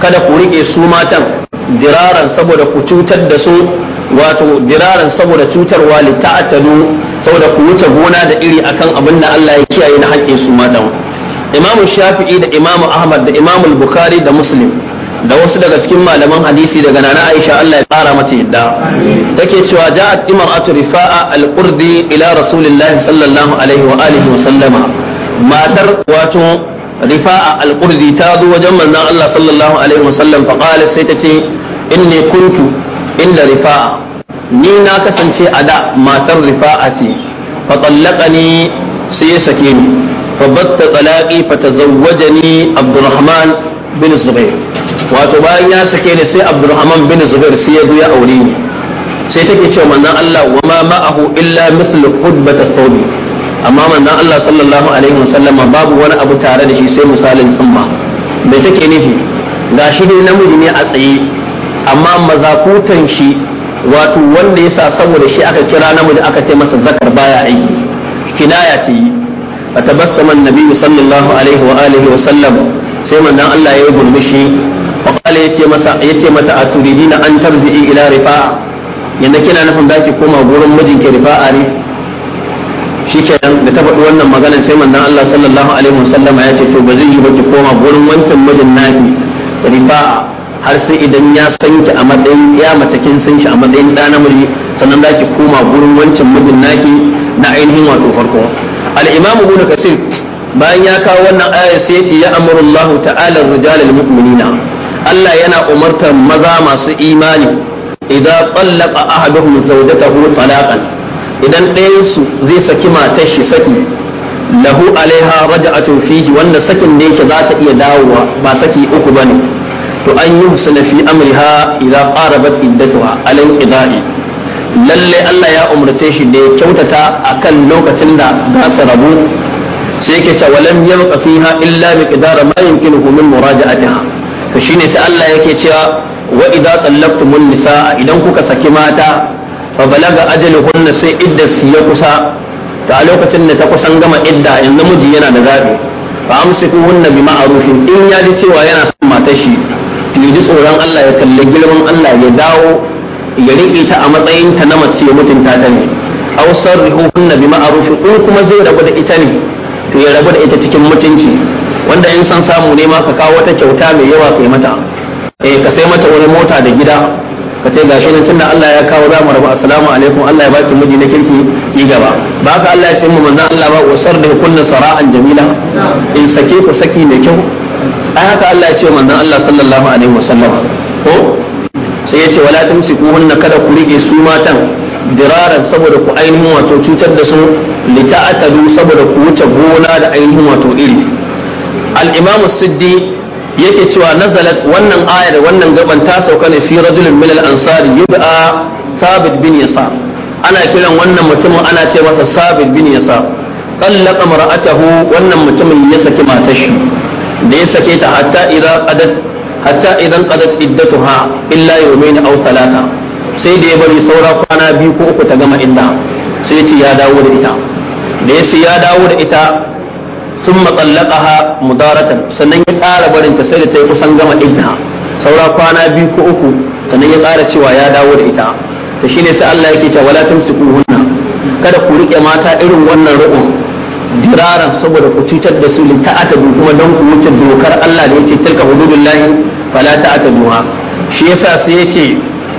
kada ku rike su matan diraran saboda ku cutar da su wato diraran saboda cutarwa li ta'talu saboda ku wuce gona da iri akan abin da Allah ya kiyaye na haƙƙin su matan Imam Shafi'i da Imam Ahmad da Imam Bukhari da Muslim da wasu daga cikin malaman hadisi daga nana Aisha Allah ya tsara mata yadda take cewa ja'at atu rifa'a al-qurdi ila rasulillahi sallallahu alaihi wa alihi wa sallama matar wato rifa'a al-qurdi ta zo wajen manzon Allah sallallahu alaihi wa sallam fa qala sai ta ce inni kuntu illa rifa'a ni na kasance a da matar rifa'a ce fa ni sai ya sake ni fa batta talaqi fa tazawwajani abdurrahman bin zubair wato bayan ya sake ni sai abdurrahman bin zubair sai ya zo ya aure ni sai take cewa manzon Allah wa ma ma'ahu illa mislu hudbata thawbi amma manzon Allah sallallahu alaihi wasallama babu wani abu tare da shi sai misalin tsumma me take nufi shi ne namiji ne a tsaye amma mazakutan shi wato wanda yasa saboda shi aka kira namiji aka ce masa zakar baya aiki kinaya ce a tabassaman nabi sallallahu alaihi wa alihi wa sallam sai manzon Allah ya yi gurmishi wa qala yace masa yace mata aturidina an tarji'i ila rifa'a yanda kina nufin da zaki koma gurin mijinki rifa'a ne shikenan da ta faɗi wannan maganar sai manzon Allah sallallahu alaihi wa sallam ya ce to ba zai yi ba ki koma gurin wancan mijin naki rifa'a har sai idan ya san ki a matsayin ya mace kin san shi a matsayin da namiji sannan zaki koma gurin wancan mijin naki na ainihin wato farko al-imamu ibn kasir bayan ya kawo wannan aya sai yace ya amuru Allah ta'ala rijal al-mu'minina Allah yana umartar maza masu imani idan tallaqa ahaduhum zawjatahu talaqan idan ɗayan su zai saki matar shi saki lahu alaiha raja'atu fihi wanda sakin da yake za ta iya dawowa ba saki uku bane wato an yi husna fi amriha idza qarabat iddatuha alal qida'i lalle Allah ya umarce shi da ya kyautata akan lokacin da za su rabu sai yake cewa lam yabqa fiha illa miqdara ma yumkinuhu min muraja'atiha to shine sai Allah yake cewa wa idza tallaqtumun nisaa idan kuka saki mata fa balaga ajaluhunna sai idda ya kusa ta lokacin da ta kusan gama idda yanzu miji yana da zabi fa amsikuhunna bi in ya ji cewa yana son matar shi ya ji tsoron Allah ya kalli girman Allah ya dawo ya riƙe ta a matsayin ta na mace ya mutunta ta ne aw sarrihuhunna bi ma'ruf ko kuma zai rabu da ita ne to ya rabu da ita cikin mutunci wanda in san samu ne ma ka kawo wata kyauta mai yawa kai mata eh ka sai mata wani mota da gida ka ce gashi nan tunda Allah ya kawo za mu rabu assalamu alaikum Allah ya baki miji na kirki ki gaba ba ka Allah ya ce mu manzon Allah ba wasar da kunna sara'an jamila in sake ku saki mai kyau ai haka Allah ya ce manzon Allah sallallahu alaihi wasallam ko sai ya ce wala tumsikuhunna kada ku rike su matan diraran saboda ku ainihin wato cutar da su lita'atalu saboda ku wuce gona da ainihin wato iri al-imamu siddi yake cewa nazalat wannan ayar wannan gaban ta sauka ne fi rajulin min al-ansari yub'a a bin yasa ana kiran wannan mutumin ana ce masa sabit bin yasa qallaka mar'atahu wannan mutumin ya saki matar shi da ya sake ta hatta idan qadat hatta idan iddatuha illa yawmayn aw salata sai da ya bari saura kwana biyu ko uku ta gama inda sai ce ya dawo da ita da ya ya dawo da ita sun matsallakaha mudaratan sannan ya ƙara barinta sai da ta yi kusan gama idda saura kwana biyu ko uku sannan ya ƙara cewa ya dawo da ita ta shine sai Allah yake ta wala tumsiku hunna kada ku rike mata irin wannan ru'un diraran saboda ku cutar da su ta'atadu kuma don ku wuce dokar Allah da yake tilka hududullahi fala ta'ataduha shi yasa sai yace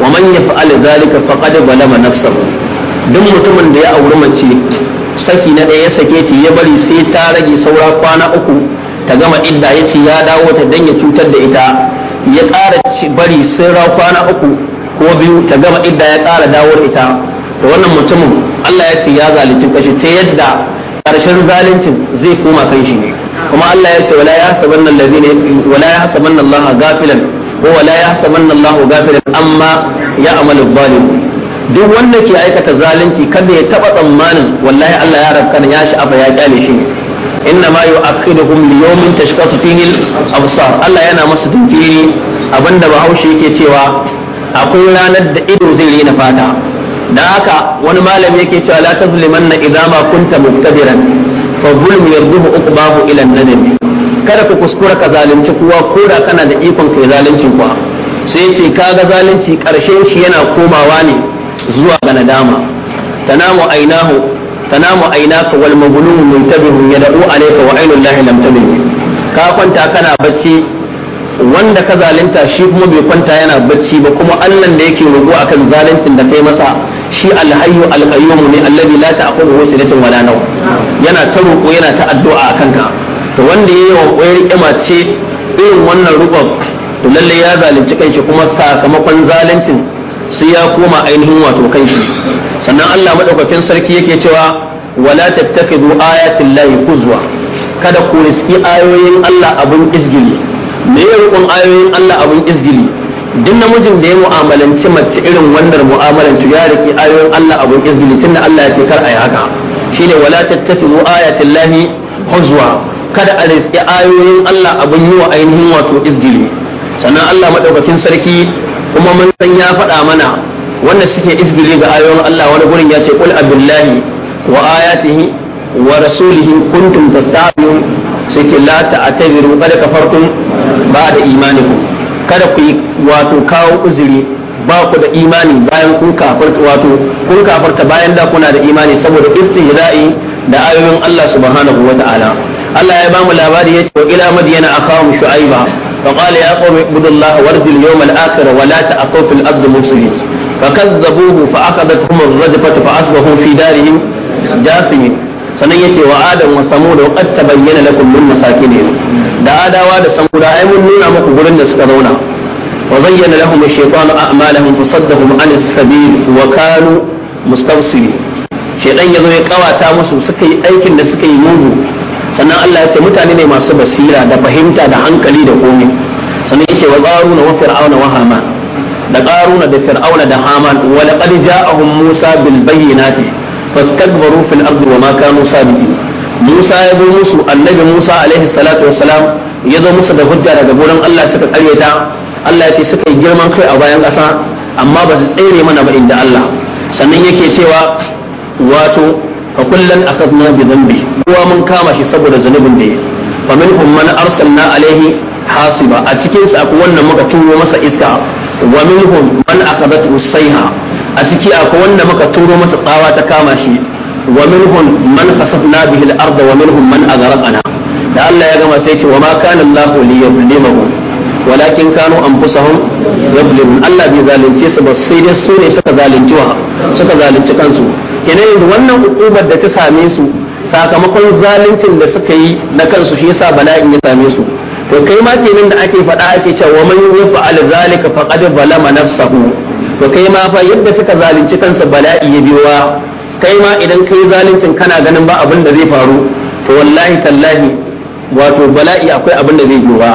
wa man yaf'al zalika faqad balama nafsahu duk mutumin da ya auri mace saki na ɗaya ya sake ta ya bari sai ta rage saura kwana uku ta gama idda yace ya dawo ta dan ya cutar da ita ya kara bari sai kwana uku ko biyu ta gama idda ya kara dawo ita to wannan mutumin Allah ya ce ya zalunci kashi ta yadda karshen zalincin zai koma kan shi ne kuma Allah ya ce wala ya sabanna allazina wala ya sabanna Allah gafilan ko wala ya sabanna Allah gafilan amma ya amalu zalim duk wanda ke aikata zalunci kada ya taba tsammanin wallahi Allah ya rabkana ya shi afa ya kyale shi inna ma yu'akhiduhum li yawmin tashqasu fihi al-absar Allah yana masu dinki abinda bahaushe yake cewa akwai ranar da ido zai rena fata da haka wani malam yake cewa la na idza ma kunta muqtadiran fa zulm yarduhu uqbahu ila an-nadam kada ku kuskura ka zalunci kowa ko da kana da ikon kai zaluncin kuwa sai yace kaga zalunci karshen shi yana komawa ne zuwa ga nadama tanamu ainahu tanamu ainaka wal maglum muntabihun yad'u alayka wa ainul lahi lam ka kwanta kana bacci wanda ka zalunta shi kuma bai kwanta yana bacci ba kuma Allah da yake rubu akan zaluncin da kai masa shi alhayyu alqayyum ne allazi la ta'khudhuhu sinatun wala nawm yana ta roƙo yana ta addu'a akan ka to wanda yayi wa koyar ce, irin wannan rubab to lalle ya zalunci kanshi kuma sakamakon zaluncin sai ya koma ainihin wato kanshi sannan Allah madaukakin sarki yake cewa wala tattakhidhu ayatin lahi kuzwa. kada ku riski ayoyin Allah abun izgili me ya rubun ayoyin Allah abun izgili duk namijin da ya mu'amalanci mace irin wannan mu'amalanci ya rike ayoyin Allah abun tun tunda Allah ya ce kar a yi haka shine wala tattafi'u ayatil lahi huzwa kada a riske ayoyin Allah abun yi wa ainihin wato izgili sannan Allah madaukakin sarki kuma mun san ya faɗa mana wanda suke izgili ga ayoyin Allah wani gurin ya ce qul abillahi wa ayatihi wa rasulihi kuntum tastahiyun sai ce la ta'tadiru qad kafartum da imanikum kada ku yi wato kawo uzuri ba ku da imani bayan kun kafarta wato kun kafarta bayan da kuna da imani saboda istihza'i da ayoyin Allah subhanahu wata'ala Allah ya bamu labari yace wa ila madyana akahum shu'aiba fa qala ya qawmi ibudullaha warjul yawmal akhir wa la ta'afu fil ard mufsidin فكذبوه فأخذتهم الرجفة فأصبحوا في دارهم جاثمين sannan yace wa adam wa samud wa qad tabayyana lakum min masakinihim da adawa da da ai mun nuna muku gurin da suka zauna wa zayyana lahum ash-shaytanu a'malahum fasaddahum 'an as-sabil wa kanu mustawsilin shedan yazo ya kawata musu suka yi aikin da suka yi mugu sannan Allah ya ce mutane ne masu basira da fahimta da hankali da komai sannan yace wa qaruna wa fir'auna wa haman da qaruna da fir'auna da haman wa laqad ja'ahum musa bil bayyinati fastakbaru fil ardi wa ma kanu sabiqin Musa ya zo musu annabi Musa alaihi salatu salam. ya zo musu da hujja daga gurin Allah suka karyata Allah ya ce suka yi girman kai a bayan ƙasa amma ba su tsere mana ba inda Allah sannan yake cewa wato fa kullan akhadna bi dhanbi kowa mun kama shi saboda zunubin da ya fa minhum man arsalna alaihi hasiba a cikin sa akwai wannan muka turo masa iska wa minhum man akhadathu sayha a ciki akwai wanda muka turo masa tsawa ta kama shi wa minhum man khasafna bihi al-ardh wa minhum man aghraqna da Allah ya gama sai ce wa ma kana Allah liyuzlimahum walakin kanu anfusahum yuzlimun Allah bai zalunce su ba sai dai su ne suka zalunci wa suka zalunci kansu kenan wannan hukumar da ta same su sakamakon zaluncin da suka yi na kansu shi yasa bala'in ya same su to kai ma kenan da ake faɗa ake cewa wa man yaf'al zalika faqad zalama nafsahu to kai ma fa yadda suka zalunci kansu bala'i ya biyowa kai ma idan kai zaluncin kana ganin ba abin da zai faru to wallahi tallahi wato bala'i akwai abin da zai biyowa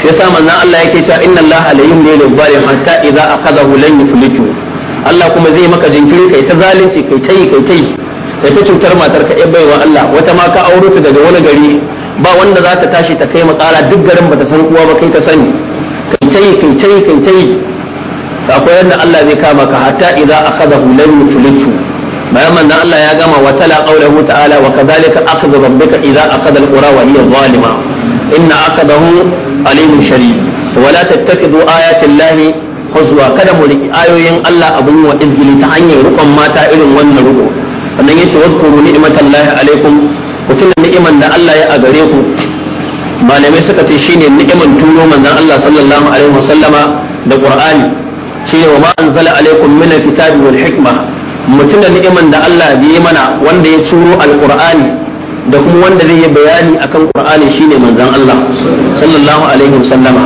shi yasa manzon Allah yake cewa inna Allah alayhim ne zalim hatta idza akhadahu lan yuflitu Allah kuma zai maka jinkiri kai ta zalunci kai tai kai tai kai ta cutar matar ka yabbai wa Allah wata ma ka aure ta daga wani gari ba wanda za ta tashi ta kai makara duk garin bata san kowa ba kai ka sani kai tai kai tai kai tai akwai yadda Allah zai kama ka hatta idza akhadahu lam yuflitu bayan manzon Allah ya gama wa tala qawluhu ta'ala wa kadhalika akhadha rabbuka idza akhadha alqura wa hiya zalima inna akhadahu alimun shadid wa la tattakhidhu ayati llahi huzwa kada mu riki ayoyin Allah abun wa izgili ta hanyar rukun mata irin wannan ruko sannan yace wadkuru ni'matallahi alaikum ku tuna ni'iman da Allah ya a gare ku malamai suka ce shine ni'iman turo manzon Allah sallallahu alaihi wasallama da Qur'ani shine wa ma anzala alaikum min alkitabi wal hikma mutum da ni'iman da Allah ya yi mana wanda ya turo alqur'ani da kuma wanda zai yi bayani akan qur'ani shine manzon Allah sallallahu alaihi wasallama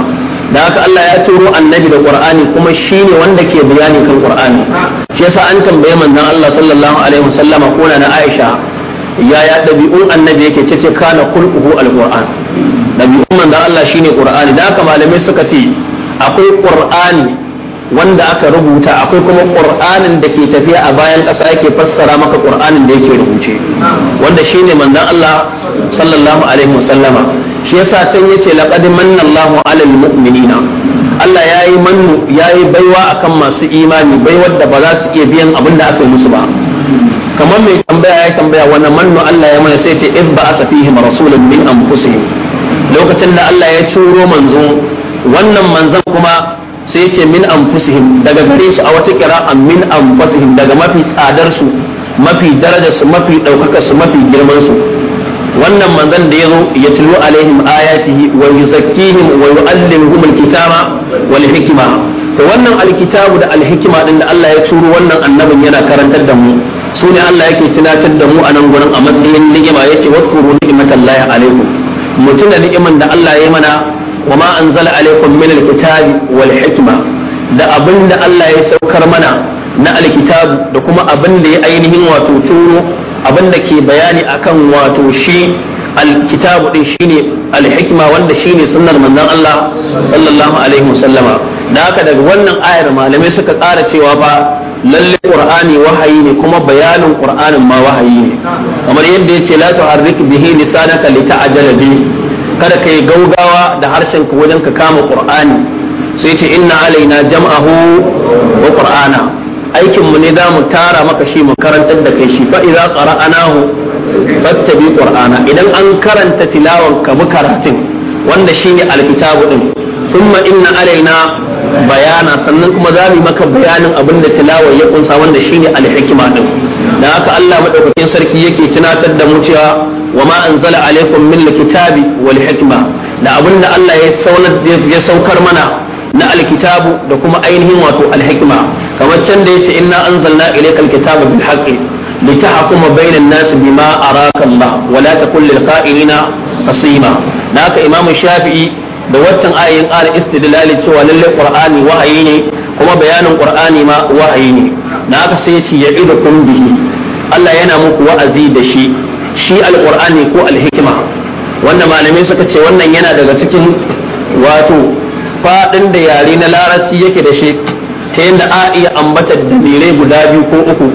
da haka Allah ya turo annabi da qur'ani kuma shine wanda ke bayani kan qur'ani shi yasa an tambaye manzon Allah sallallahu alaihi wasallama ko na Aisha yaya ɗabi'un annabi yake ce kana kulquhu alquran ɗabi'un manzon Allah shine qur'ani da haka malamai suka ce akwai qur'ani wanda aka rubuta akwai kuma ƙur'anin da ke tafiya a bayan ƙasa yake fassara maka ƙur'anin da yake rubuce wanda shine manzon Allah sallallahu alaihi wasallama shi yasa can yace laqad manna Allahu alal mu'minina Allah yayi mannu yayi baiwa akan masu imani baiwar da ba za su iya biyan abin da aka yi musu ba kamar mai tambaya ya tambaya wani mannu Allah ya mana sai ce in ba a fihim rasulun min anfusihim lokacin da Allah ya ciro manzo wannan manzon kuma sai yake min anfusihim daga gare su a wata a min anfusihim daga mafi tsadar su mafi darajar su mafi ɗaukakar su mafi girman su wannan manzon da ya yatlu alaihim ayatihi wa yuzakkihim wa yuallimuhum alkitaba wal hikma to wannan alkitabu da alhikima din da Allah ya turo wannan annabin yana karantar da mu su ne Allah yake tunatar da mu a nan gurin a matsayin ni'ima yake wasu ni'imatan Allah alaikum Mu tuna ni'iman da Allah ya mana wa anzala alaikum min alkitabi wal da abin da Allah ya saukar mana na alkitab da kuma abin da ya ainihin wato turo abin da ke bayani akan wato shi alkitabu din shine alhikma wanda shine sunnar manzon Allah sallallahu alaihi wasallama da haka daga wannan ayar malamai suka ƙara cewa ba lalle qur'ani wahayi ne kuma bayanin qur'anin ma wahayi ne kamar yadda yace la tuharrik bihi lisanaka lita'jala bihi kada ka yi gaugawa da harshen ka wajen ka kama qur'ani sai ce inna alaina jam'ahu wa qur'ana aikin mu ne za mu tara maka shi mu karantar da kai shi fa idza qara'anahu fattabi qur'ana idan an karanta tilawan ka karatun wanda shine alkitabu din thumma inna alaina bayana sannan kuma za mu maka bayanin abin da tilawar ya kunsa wanda shine alhikima din da haka Allah madaukakin sarki yake tunatar da mu cewa wa ma anzala alaikum min la kitabi hikma da abinda Allah ya saunar saukar mana na alkitabu da kuma ainihin wato alhikma kamar can da yace inna anzalna ilaykal kitaba bil haqqi litahkuma bainan nas bima araka Allah wa la takul lil qa'ilina qasima naka imam shafi'i da watan ayin al istidlali cewa lallai qur'ani wahayi ne kuma bayanin qur'ani ma wahayi ne naka sai yace ya'idukum bihi Allah yana muku wa'azi da shi shi Alƙur'ani ko alhikima wanda malamai suka ce wannan yana daga cikin wato faɗin da yare na larabci yake da shi ta yadda a iya ambata dalilai guda biyu ko uku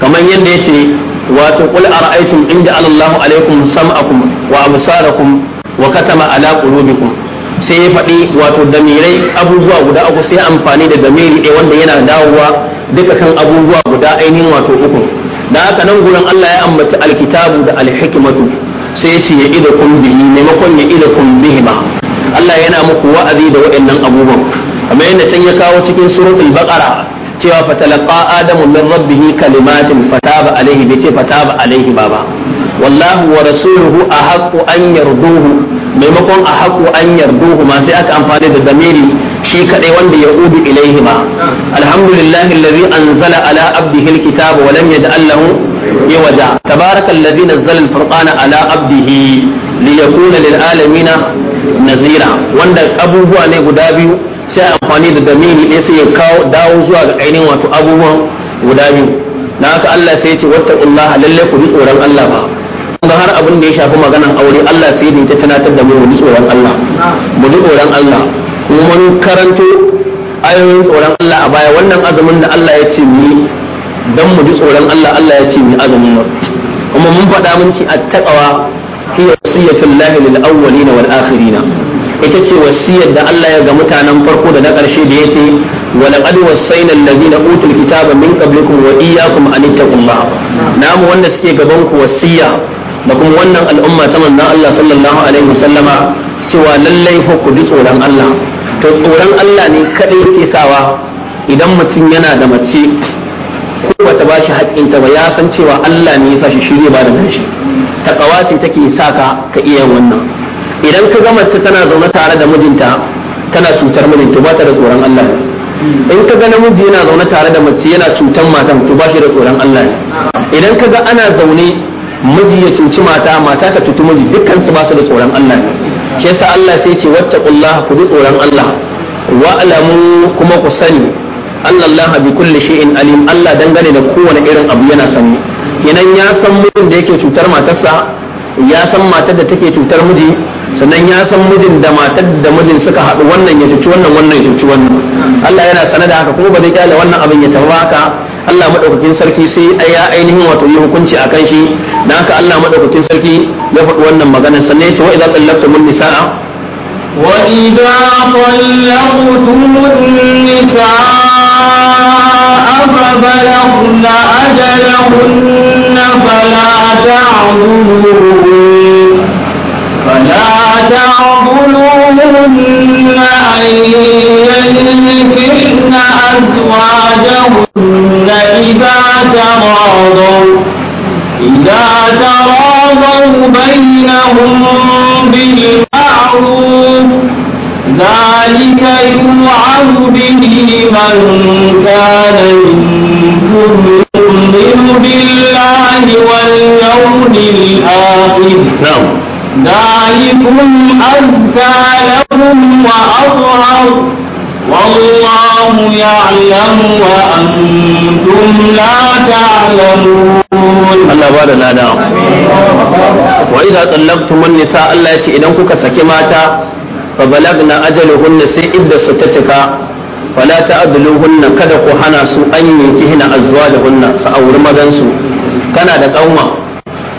kamar yadda yake wato qul ara'aytum in ja'ala Allahu alaykum sam'akum wa absarakum wa katama ala qulubikum sai ya faɗi wato damirai abubuwa guda uku sai amfani da damiri ɗaya wanda yana dawowa duka kan abubuwa guda ainihin wato uku da haka nan gurin Allah ya ambaci alkitabu da alhikmatu sai ya ce ya ida kun bihi maimakon ya ida kun ba. Allah yana muku wa'azi da waɗannan abubuwan amma yadda can ya kawo cikin suratul baqara cewa fatalaqa adamu min rabbih kalimatin fataba alaihi bai ce fataba alaihi ba wallahu wa rasuluhu ahaqqu an yarduhu maimakon ahaqqu an yarduhu ma sai aka amfani da damiri shi kadai wanda ya udu ilaihima alhamdulillahi allazi anzala ala abdihi alkitaba wa lam yaj'al lahu iwaja tabarakallazi nazzala alfurqana ala abdihi liyakuna lilalamin nazira wanda abubuwa ne guda biyu sai amfani da damiri ɗaya sai ya kawo dawo zuwa ga ainihin wato abubuwan guda biyu na haka Allah sai ya ce wattaqullaha lalle ku bi tsoron Allah ba ga har abin da ya shafi maganan aure Allah sai ya ta tunatar da mu mu tsoron Allah mu tsoron Allah mun karanto ayoyin tsoron Allah a baya wannan azumin da Allah ya ce ni dan mu ji tsoron Allah Allah ya ce ni azumin nan kuma mun faɗa mun ci attaqawa hiya wasiyatul lahi lil awwalina wal akhirina ita ce wasiyar da Allah ya ga mutanen farko da na ƙarshe da yace wa laqad wasaina alladhina utul kitaba min qablikum wa iyyakum an ittaqullah namu wanda suke gaban ku wasiya da kuma wannan al'umma ta manzon Allah sallallahu alaihi wasallama cewa lallai fa ku ji tsoron Allah to tsoron Allah ne kadai yake sawa idan mutum yana da mace ko wata ba shi haƙƙinta ba ya san cewa Allah ne ya sa shi shirye ba da nashi takawa ce take sa ka ka iya yin wannan idan ka ga mace tana zaune tare da mijinta tana cutar mijinta ba ta da tsoron Allah ne in ka ga namiji yana zaune tare da mace yana cutar matan to ba shi da tsoron Allah ne idan ka ga ana zaune miji ya cuci mata mata ta cuci miji dukkan su ba su da tsoron Allah ne ke sa Allah sai ce wata ƙulla ku bi tsoron Allah wa alamu kuma ku sani Allah bi kulli shay'in alim Allah dangane da kowane irin abu yana sani kenan ya san mijin da yake cutar matarsa ya san matar da take cutar miji sannan ya san mijin da matar da mijin suka haɗu wannan ya cuci wannan wannan ya cuci wannan Allah yana sanar da haka kuma ba zai kyale wannan abin ya tafi haka Allah madaukakin sarki sai ya ainihin wato yi hukunci akan shi dan haka Allah madaukakin sarki ya faɗi wannan magana sannan yace wa idza qallabtum nisaa wa idza qallabtum nisaa fa balaghna ajalahunna fala ta'dhuluhunna fala ta'dhuluhunna an yanfihna azwajahunna idza taradun إذا تراضوا بينهم بالمعروف ذلك يوعظ به من كان منكم يؤمن بالله واليوم الآخر نعم. ذلكم أزكى لهم وأظهر والله يعلم وأنتم لا تعلمون Allah ba da lada wa idza tallaqtum an-nisa Allah ya ce idan kuka saki mata fa balagna ajaluhunna sai idda su ta cika fala ta'dhuluhunna kada ku hana su an yanki hina azwajuhunna su auri magan su kana da kauma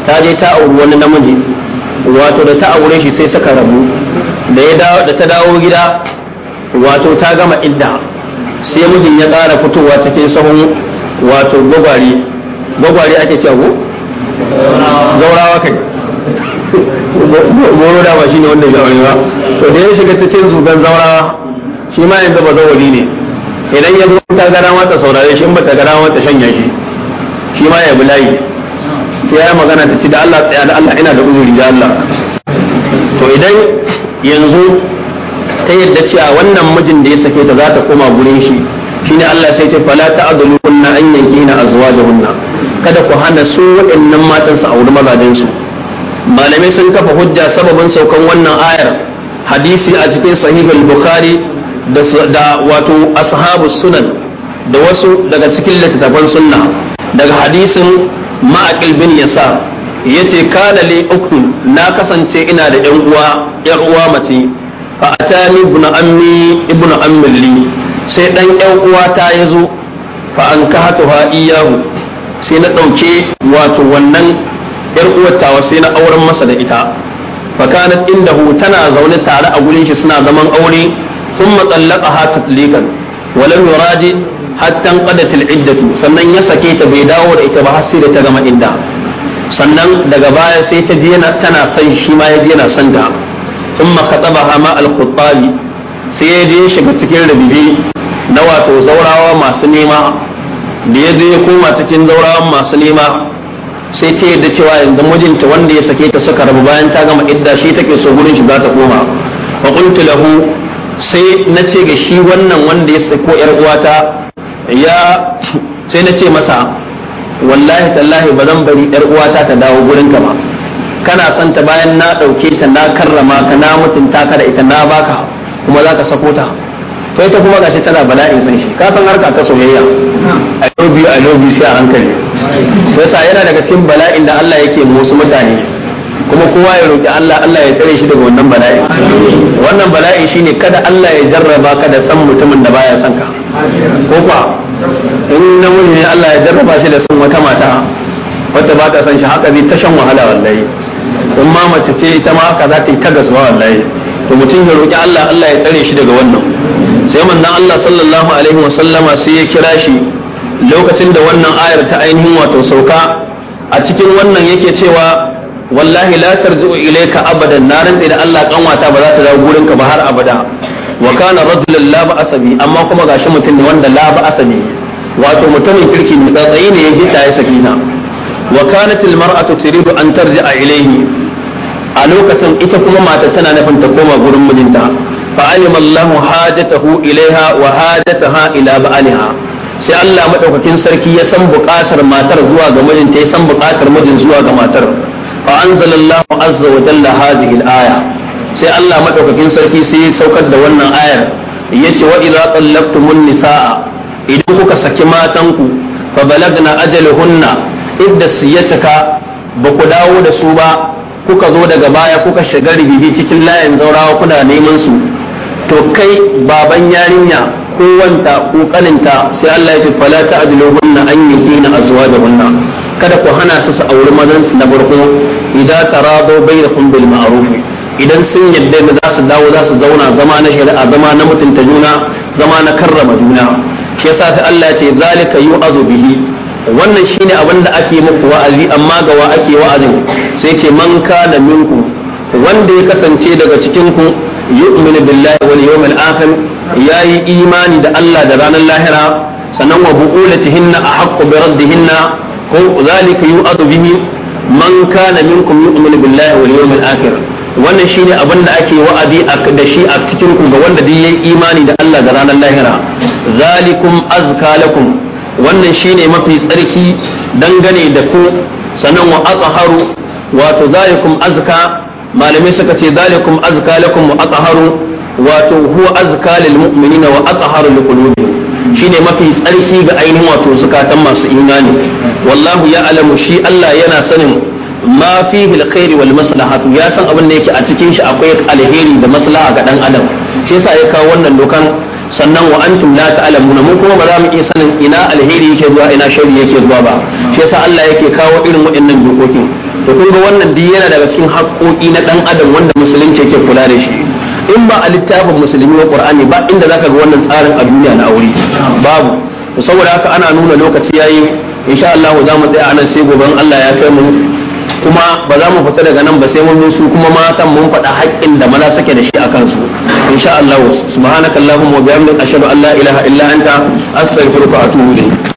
ta je ta auri wani namiji wato da ta aure shi sai suka rabu da ya dawo da ta dawo gida wato ta gama idda sai mijin ya ƙara fitowa cikin sahun wato gwagware gwagware ake cewa ko zaurawa kai goro da ba shi ne wanda zaure ba to da ya shiga cikin zugan zaurawa shi ma yanzu ba zawari ne idan ya zo ta gara mata saurare shi in ba ta gara mata shanya shi shi ma ya bi layi sai ya magana ta ci da Allah tsaya da Allah ina da uzuri da Allah to idan yanzu ta yadda cewa wannan mijin da ya sake ta za ta koma gurin shi shine Allah sai ce fala ta ta'dulu kunna an yanki yankina azwajuhunna kada ku hana su waɗannan matan su auri mazajen su malamai sun kafa hujja sababin saukan wannan ayar hadisi a cikin sahih bukhari da wato ashabus sunan da wasu daga cikin littattafan sunna daga hadisin ma'aqil bin yasa yace kana li ukun na kasance ina da yan uwa yan uwa mace fa atani ibn ammi ibn ammi li sai dan yan uwata ya zo fa an iyahu sai na dauke wato wannan yar uwatawa sai na auren masa da ita fa kanat indahu tana zaune tare a gurin shi suna zaman aure thumma talaqaha tatliqan walam yuradi hatta qadat al-iddatu sannan ya sake ta bai dawo da ita ba har sai da ta gama inda? sannan daga baya sai ta je tana son shi ma ya je santa. son ta sun كتبها hama alkhuttabi sai ya je shiga cikin rabibi na wato zaurawa masu nema da ya je ya koma cikin zaurawan masu nema sai ta yadda cewa yanzu mijinta wanda ya sake ta suka rabu bayan ta gama idda shi take so gurin shi za ta koma fa qultu lahu sai na ce ga shi wannan wanda ya sako yar uwata ya sai na ce masa wallahi tallahi ba zan bari yar uwata ta dawo gurin ka ba kana son ta bayan na ɗauke ta na karrama ka na mutunta ka da ita na baka kuma za ka sako ta to ita kuma gashi tana bala'in san shi ka san harka ta soyayya a love a I sai a hankali yasa yana daga cikin bala'in da Allah yake musu mutane kuma kowa ya roki Allah Allah ya tsare shi daga wannan bala'i wannan bala'i shine kada Allah ya jarraba ka da san mutumin da baya son ka ko kuwa in namiji ne Allah ya jarraba shi da son wata mata wata ba ta son shi haka zai ta wahala wallahi in ma mace ce ita ma haka za ta yi tagas ma wallahi to mutum ya roki Allah Allah ya tsare shi daga wannan sai manzon Allah sallallahu alaihi wa sallama sai ya kira shi lokacin da wannan ayar ta ainihin wato sauka a cikin wannan yake cewa wallahi la tarji'u ilayka abadan na rantsi da Allah kanwata ba za ta dawo gurinka ba har abada wa kana rajulun la amma kuma gashi mutum ne wanda la ba'asabi wato mutumin kirki ne tsatsayi ne ya gita ya sakina wa kanat al mar'atu turidu an tarji'a ilayhi a lokacin ita kuma mata tana nufin ta koma gurin mijinta fa alima Allahu hajatahu ilaiha wa hajataha ila ba'aliha sai Allah madaukakin sarki ya san buƙatar matar zuwa ga mijinta ya san buƙatar mijin zuwa ga matar fa anzalallahu azza wa jalla hadhihi al-aya sai Allah madaukakin sarki sai ya saukar da wannan ayar yace wa idza tallaqtumun nisaa idan kuka saki matanku fa balagna ajaluhunna idda siyataka ba ku dawo da su ba kuka zo daga baya kuka shiga rigigi cikin layin zaurawa kuna neman su to kai baban yarinya ko wanta ko kaninta sai Allah ya ce fala ta'diluhunna an yuhina azwajuhunna kada ku hana su su auri mazan su na farko idan tarado bainakum bil ma'ruf idan sun yadda da za su dawo za su zauna zama na shari'a zama na mutunta juna zama na karrama juna shi yasa sai Allah ya ce zalika yu'azu bihi wannan shine abin da ake muku wa'azi amma ga wa ake wa'azin sai ce man kana minku wanda ya kasance daga cikin ku yu'minu billahi wal yawmil akhir yayi imani da Allah da ranar lahira sannan wa bu'ulatihinna ahaqqu bi raddihinna ko zalika yu'adu bihi man kana minkum yu'minu billahi wal yawmil akhir wannan shine abin da ake wa'adi da shi a cikin ku ga wanda duk yayi imani da Allah da ranar lahira zalikum azka lakum wannan shine mafi tsarki dangane da ku sannan wa haru wato zalikum azka malamai suka ce zalikum azka lakum wa athaharu wato huwa azka lil wa qulubi shine mafi tsarki ga ainihin wato zukatan masu imani wallahu ya alamu shi Allah yana sanin ma fihi alkhairi wal maslahatu ya san abin da yake a cikin shi akwai alheri da maslaha ga dan adam shi yasa ya kawo wannan dokan sannan wa antum la ta'lamuna mu kuma ba za mu iya sanin ina alheri yake zuwa ina sharri yake zuwa ba shi yasa Allah yake kawo irin waɗannan dokokin to kun ga wannan duk yana daga cikin haƙƙoƙi na dan adam wanda musulunci yake kula da shi in ba a littafin musulmi wa qur'ani ba inda zaka ga wannan tsarin a duniya na aure babu saboda haka ana nuna lokaci yayi insha Allah za mu tsaya anan sai gobe Allah ya kai mu kuma ba za mu fita daga nan ba sai mun su kuma matan mun faɗa haƙƙin da mala suke da shi a kansu insha Allah subhanakallahumma wa bihamdika ashhadu an la ilaha illa anta astaghfiruka wa atubu ilayk